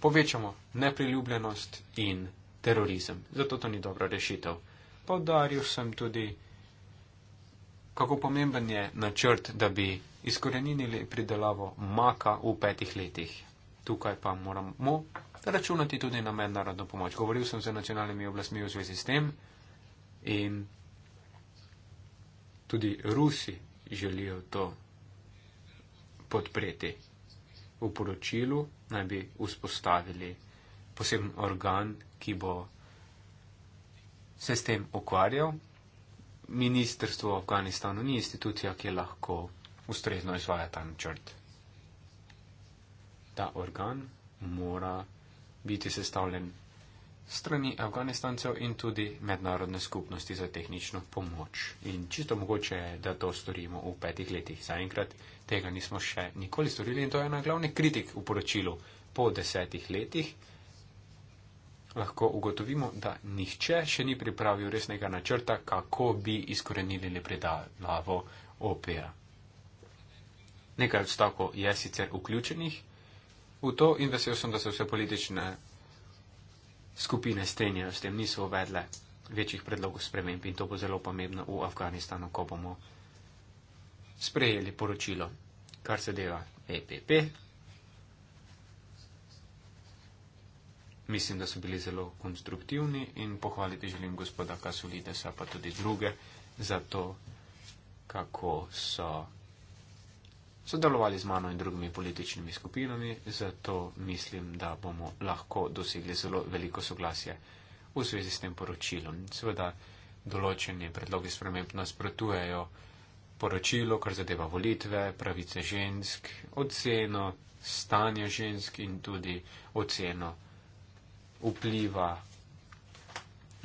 povečamo nepriljubljenost in terorizem. Zato to ni dobra rešitev. Podaril sem tudi kako pomemben je načrt, da bi izkorenili pridelavo maka v petih letih. Tukaj pa moramo računati tudi na mednarodno pomoč. Govoril sem z nacionalnimi oblastmi v zvezi s tem in tudi Rusi želijo to podpreti. V poročilu naj bi vzpostavili poseben organ, ki bo se s tem ukvarjal ministrstvo v Afganistanu ni institucija, ki lahko ustrezno izvaja ta načrt. Ta organ mora biti sestavljen strani Afganistancev in tudi mednarodne skupnosti za tehnično pomoč. In čisto mogoče je, da to storimo v petih letih. Zaenkrat tega nismo še nikoli storili in to je ena glavnih kritik v poročilu. Po desetih letih lahko ugotovimo, da nihče še ni pripravil resnega načrta, kako bi izkorenili nepredavo OPA. Nekaj odstavkov je sicer vključenih v to in vesel sem, da se vse politične skupine strenjajo s tem, niso uvedle večjih predlogov sprememb in to bo zelo pomembno v Afganistanu, ko bomo sprejeli poročilo, kar se dela EPP, Mislim, da so bili zelo konstruktivni in pohvaliti želim gospoda Kasulidesa, pa tudi druge, za to, kako so sodelovali z mano in drugimi političnimi skupinami. Zato mislim, da bomo lahko dosegli zelo veliko soglasje v zvezi s tem poročilom. Seveda, določeni predlogi sprememb nasprotujejo poročilo, kar zadeva volitve, pravice žensk, oceno stanja žensk in tudi oceno vpliva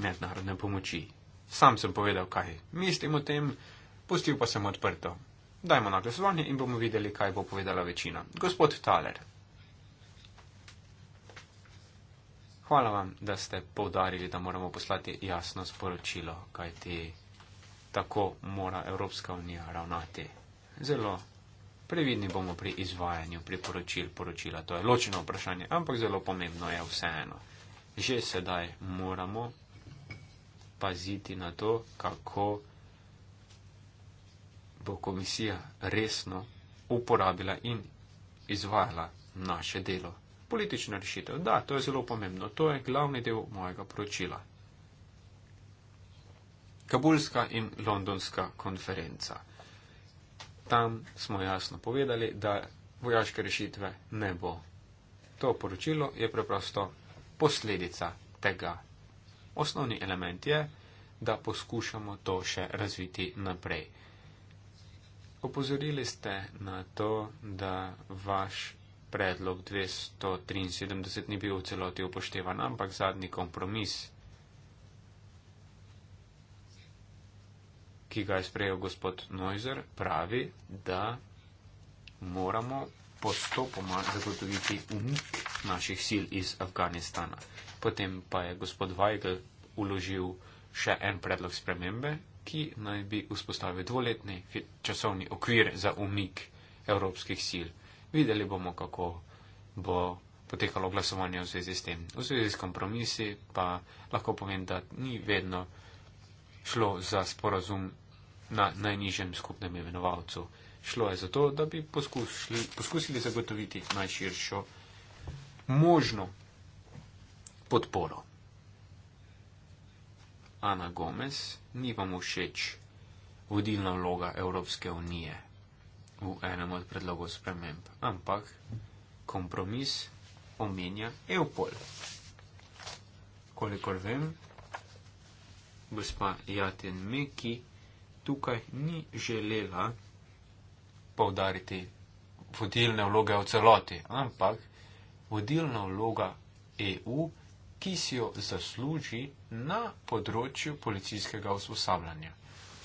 mednarodne pomoči. Sam sem povedal, kaj mislim o tem, pustil pa sem odprto. Dajmo na glasovanje in bomo videli, kaj bo povedala večina. Gospod Thaler. Hvala vam, da ste povdarili, da moramo poslati jasno sporočilo, kaj ti tako mora Evropska unija ravnati. Zelo previdni bomo pri izvajanju priporočil poročila. To je ločeno vprašanje, ampak zelo pomembno je vseeno že sedaj moramo paziti na to, kako bo komisija resno uporabila in izvajala naše delo. Politična rešitev, da, to je zelo pomembno, to je glavni del mojega poročila. Kabulska in londonska konferenca. Tam smo jasno povedali, da vojaške rešitve ne bo. To poročilo je preprosto posledica tega. Osnovni element je, da poskušamo to še razviti naprej. Opozorili ste na to, da vaš predlog 273 ni bil v celoti upoštevan, ampak zadnji kompromis, ki ga je sprejel gospod Neuser, pravi, da moramo postopoma zagotoviti umik naših sil iz Afganistana. Potem pa je gospod Weigl uložil še en predlog spremembe, ki naj bi vzpostavil dvoletni časovni okvir za umik evropskih sil. Videli bomo, kako bo potekalo glasovanje v zvezi s tem. V zvezi s kompromisi pa lahko povem, da ni vedno šlo za sporazum na najnižjem skupnem imenovalcu šlo je za to, da bi poskusili, poskusili zagotoviti najširšo možno podporo. Ana Gomez, ni vam všeč vodilna vloga Evropske unije v enem od predlogov sprememb, ampak kompromis omenja Eupol. Kolikor vem, gospa Jaten Meki tukaj ni želela poudariti vodilne vloge v celoti, ampak vodilna vloga EU, ki si jo zasluži na področju policijskega usposabljanja.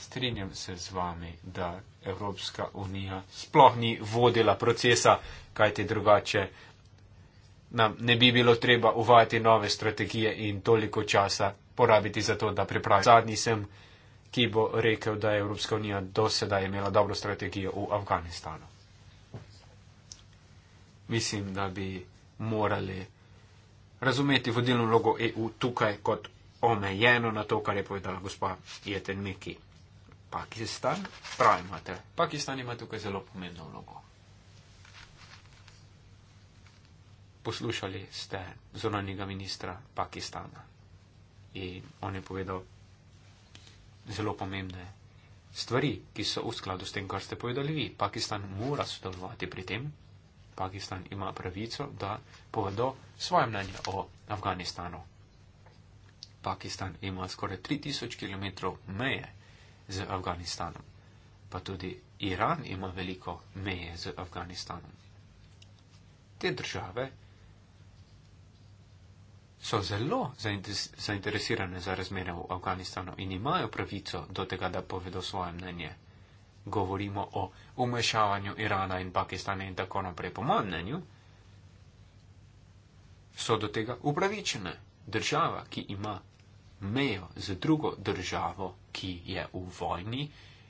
Strinjam se z vami, da Evropska unija sploh ni vodila procesa, kaj te drugače nam ne bi bilo treba uvajati nove strategije in toliko časa porabiti za to, da pripravimo. Zadnji sem ki bo rekel, da je Evropska unija do sedaj imela dobro strategijo v Afganistanu. Mislim, da bi morali razumeti vodilno logo EU tukaj kot omejeno na to, kar je povedala gospa Jeten Miki. Pakistan, prav imate, Pakistan ima tukaj zelo pomembno vlogo. Poslušali ste zunanjega ministra Pakistana in on je povedal, zelo pomembne stvari, ki so v skladu s tem, kar ste povedali vi. Pakistan mora sodelovati pri tem. Pakistan ima pravico, da povedo svoje mnenje o Afganistanu. Pakistan ima skoraj 3000 km meje z Afganistanom, pa tudi Iran ima veliko meje z Afganistanom. Te države so zelo zainteresirane za razmere v Afganistanu in imajo pravico do tega, da povedo svoje mnenje. Govorimo o umešavanju Irana in Pakistana in tako naprej. Po mojem mnenju so do tega upravičene. Država, ki ima mejo z drugo državo, ki je v vojni,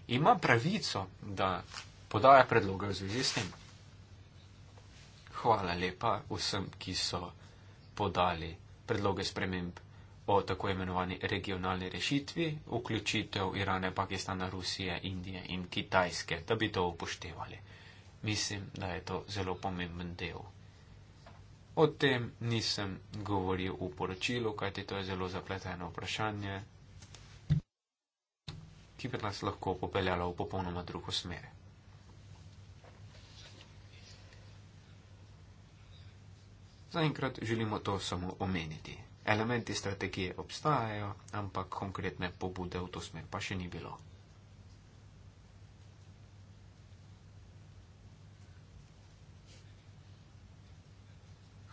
ima pravico, da podaja predloge v zvezi s tem. Hvala lepa vsem, ki so podali predloge sprememb o tako imenovani regionalni rešitvi, vključitev Irana, Pakistana, Rusije, Indije in Kitajske, da bi to upoštevali. Mislim, da je to zelo pomemben del. O tem nisem govoril v poročilu, kajti to je zelo zapleteno vprašanje, ki bi nas lahko popeljalo v popolnoma drugo smer. Zaenkrat želimo to samo omeniti. Elementi strategije obstajajo, ampak konkretne pobude v to smer pa še ni bilo.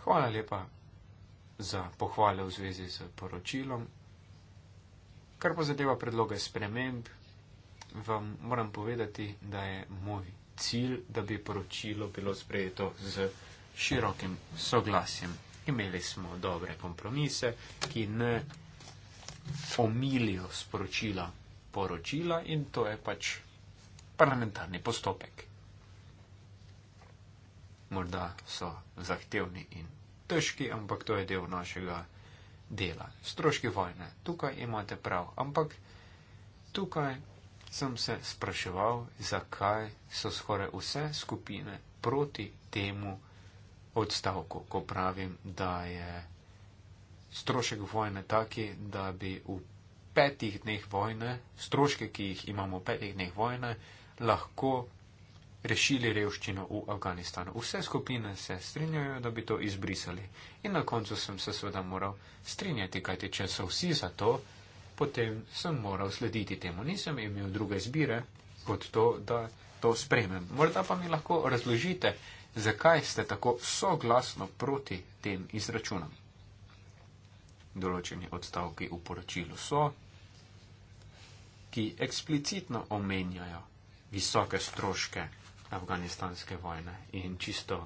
Hvala lepa za pohvale v zvezi z poročilom. Kar pa zadeva predloge sprememb, vam moram povedati, da je moj cilj, da bi poročilo bilo sprejeto z širokim soglasjem. Imeli smo dobre kompromise, ki ne omilijo sporočila poročila in to je pač parlamentarni postopek. Morda so zahtevni in težki, ampak to je del našega dela. Stroški vojne, tukaj imate prav, ampak tukaj sem se spraševal, zakaj so skoraj vse skupine proti temu, odstavku, ko pravim, da je strošek vojne taki, da bi v petih dneh vojne, stroške, ki jih imamo v petih dneh vojne, lahko rešili revščino v Afganistanu. Vse skupine se strinjajo, da bi to izbrisali. In na koncu sem se seveda moral strinjati, kajti če so vsi za to, potem sem moral slediti temu. Nisem imel druge izbire, kot to, da to spremem. Morda pa mi lahko razložite, zakaj ste tako soglasno proti tem izračunam. Določeni odstavki v poročilu so, ki eksplicitno omenjajo visoke stroške afganistanske vojne in čisto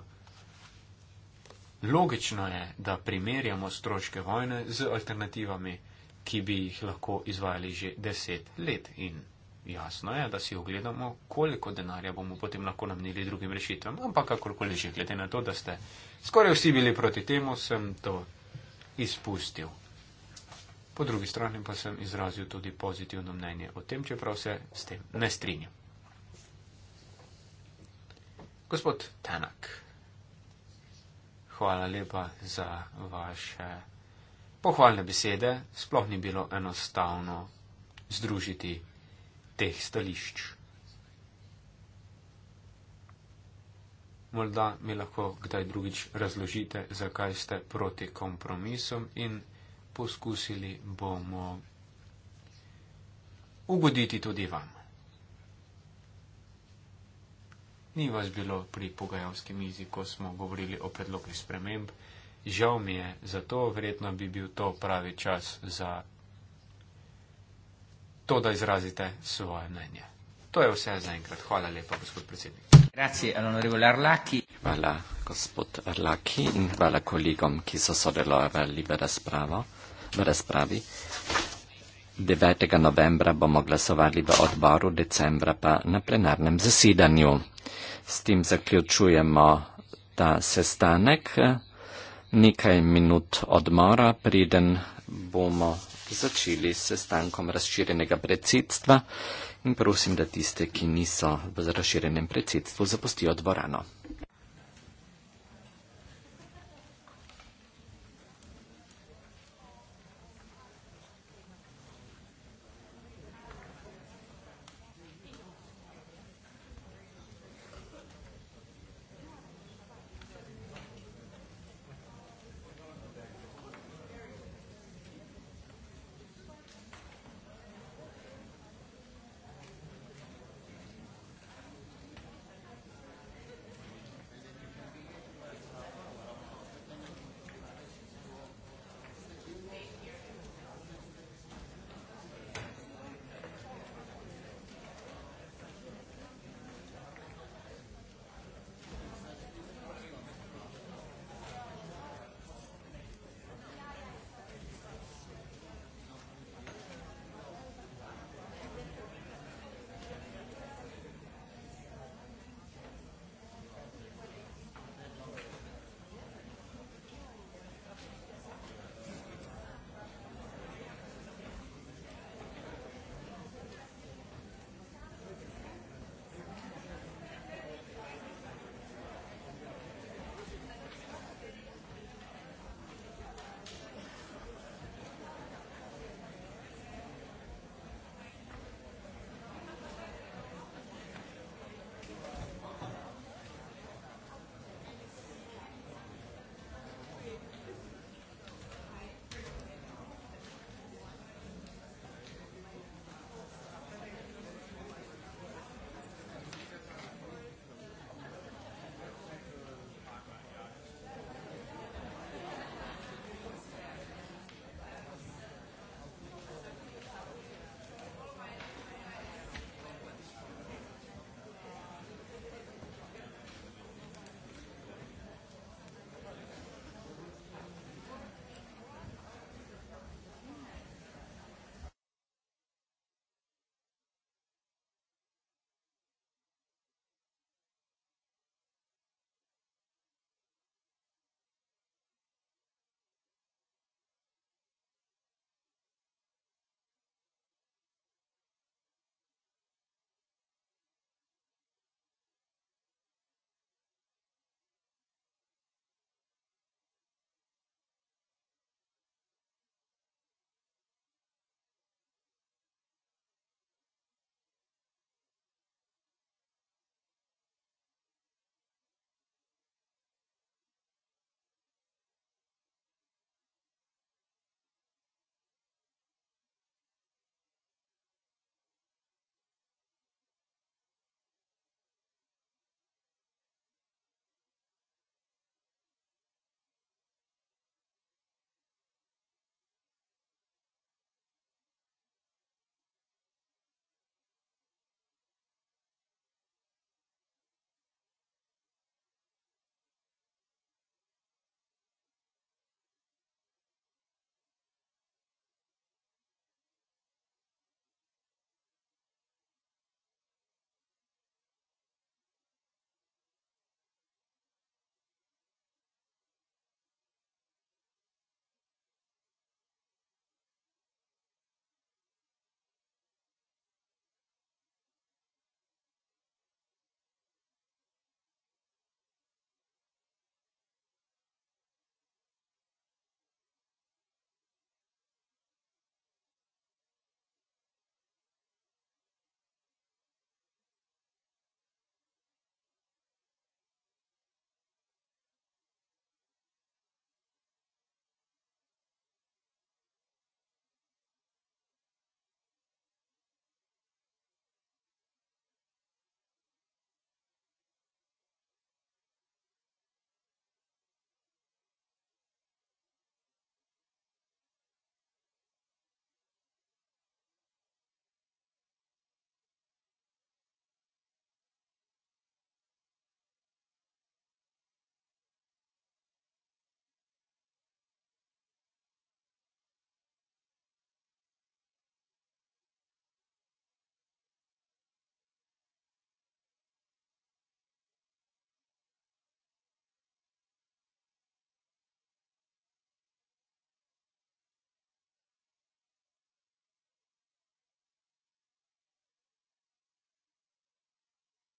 logično je, da primerjamo stroške vojne z alternativami, ki bi jih lahko izvajali že deset let in Jasno je, da si ogledamo, koliko denarja bomo potem lahko namenili drugim rešitvam, ampak kakorkoli že, glede na to, da ste skoraj vsi bili proti temu, sem to izpustil. Po drugi strani pa sem izrazil tudi pozitivno mnenje o tem, čeprav se s tem ne strinjam. Gospod Tanak, hvala lepa za vaše pohvalne besede. Sploh ni bilo enostavno združiti teh stališč. Morda mi lahko kdaj drugič razložite, zakaj ste proti kompromisom in poskusili bomo ugoditi tudi vam. Ni vas bilo pri pogajalskem mizi, ko smo govorili o predlogih sprememb. Žal mi je, zato verjetno bi bil to pravi čas za to, da izrazite svoje mnenje. To je vse za enkrat. Hvala lepa, gospod predsednik. Hvala, gospod Arlaki in hvala kolegom, ki so sodelovali v, v razpravi. 9. novembra bomo glasovali v odboru, decembra pa na plenarnem zasedanju. S tem zaključujemo ta sestanek. Nekaj minut odmora, preden bomo začeli s sestankom razširjenega predsedstva in prosim, da tiste, ki niso v razširjenem predsedstvu, zapustijo dvorano.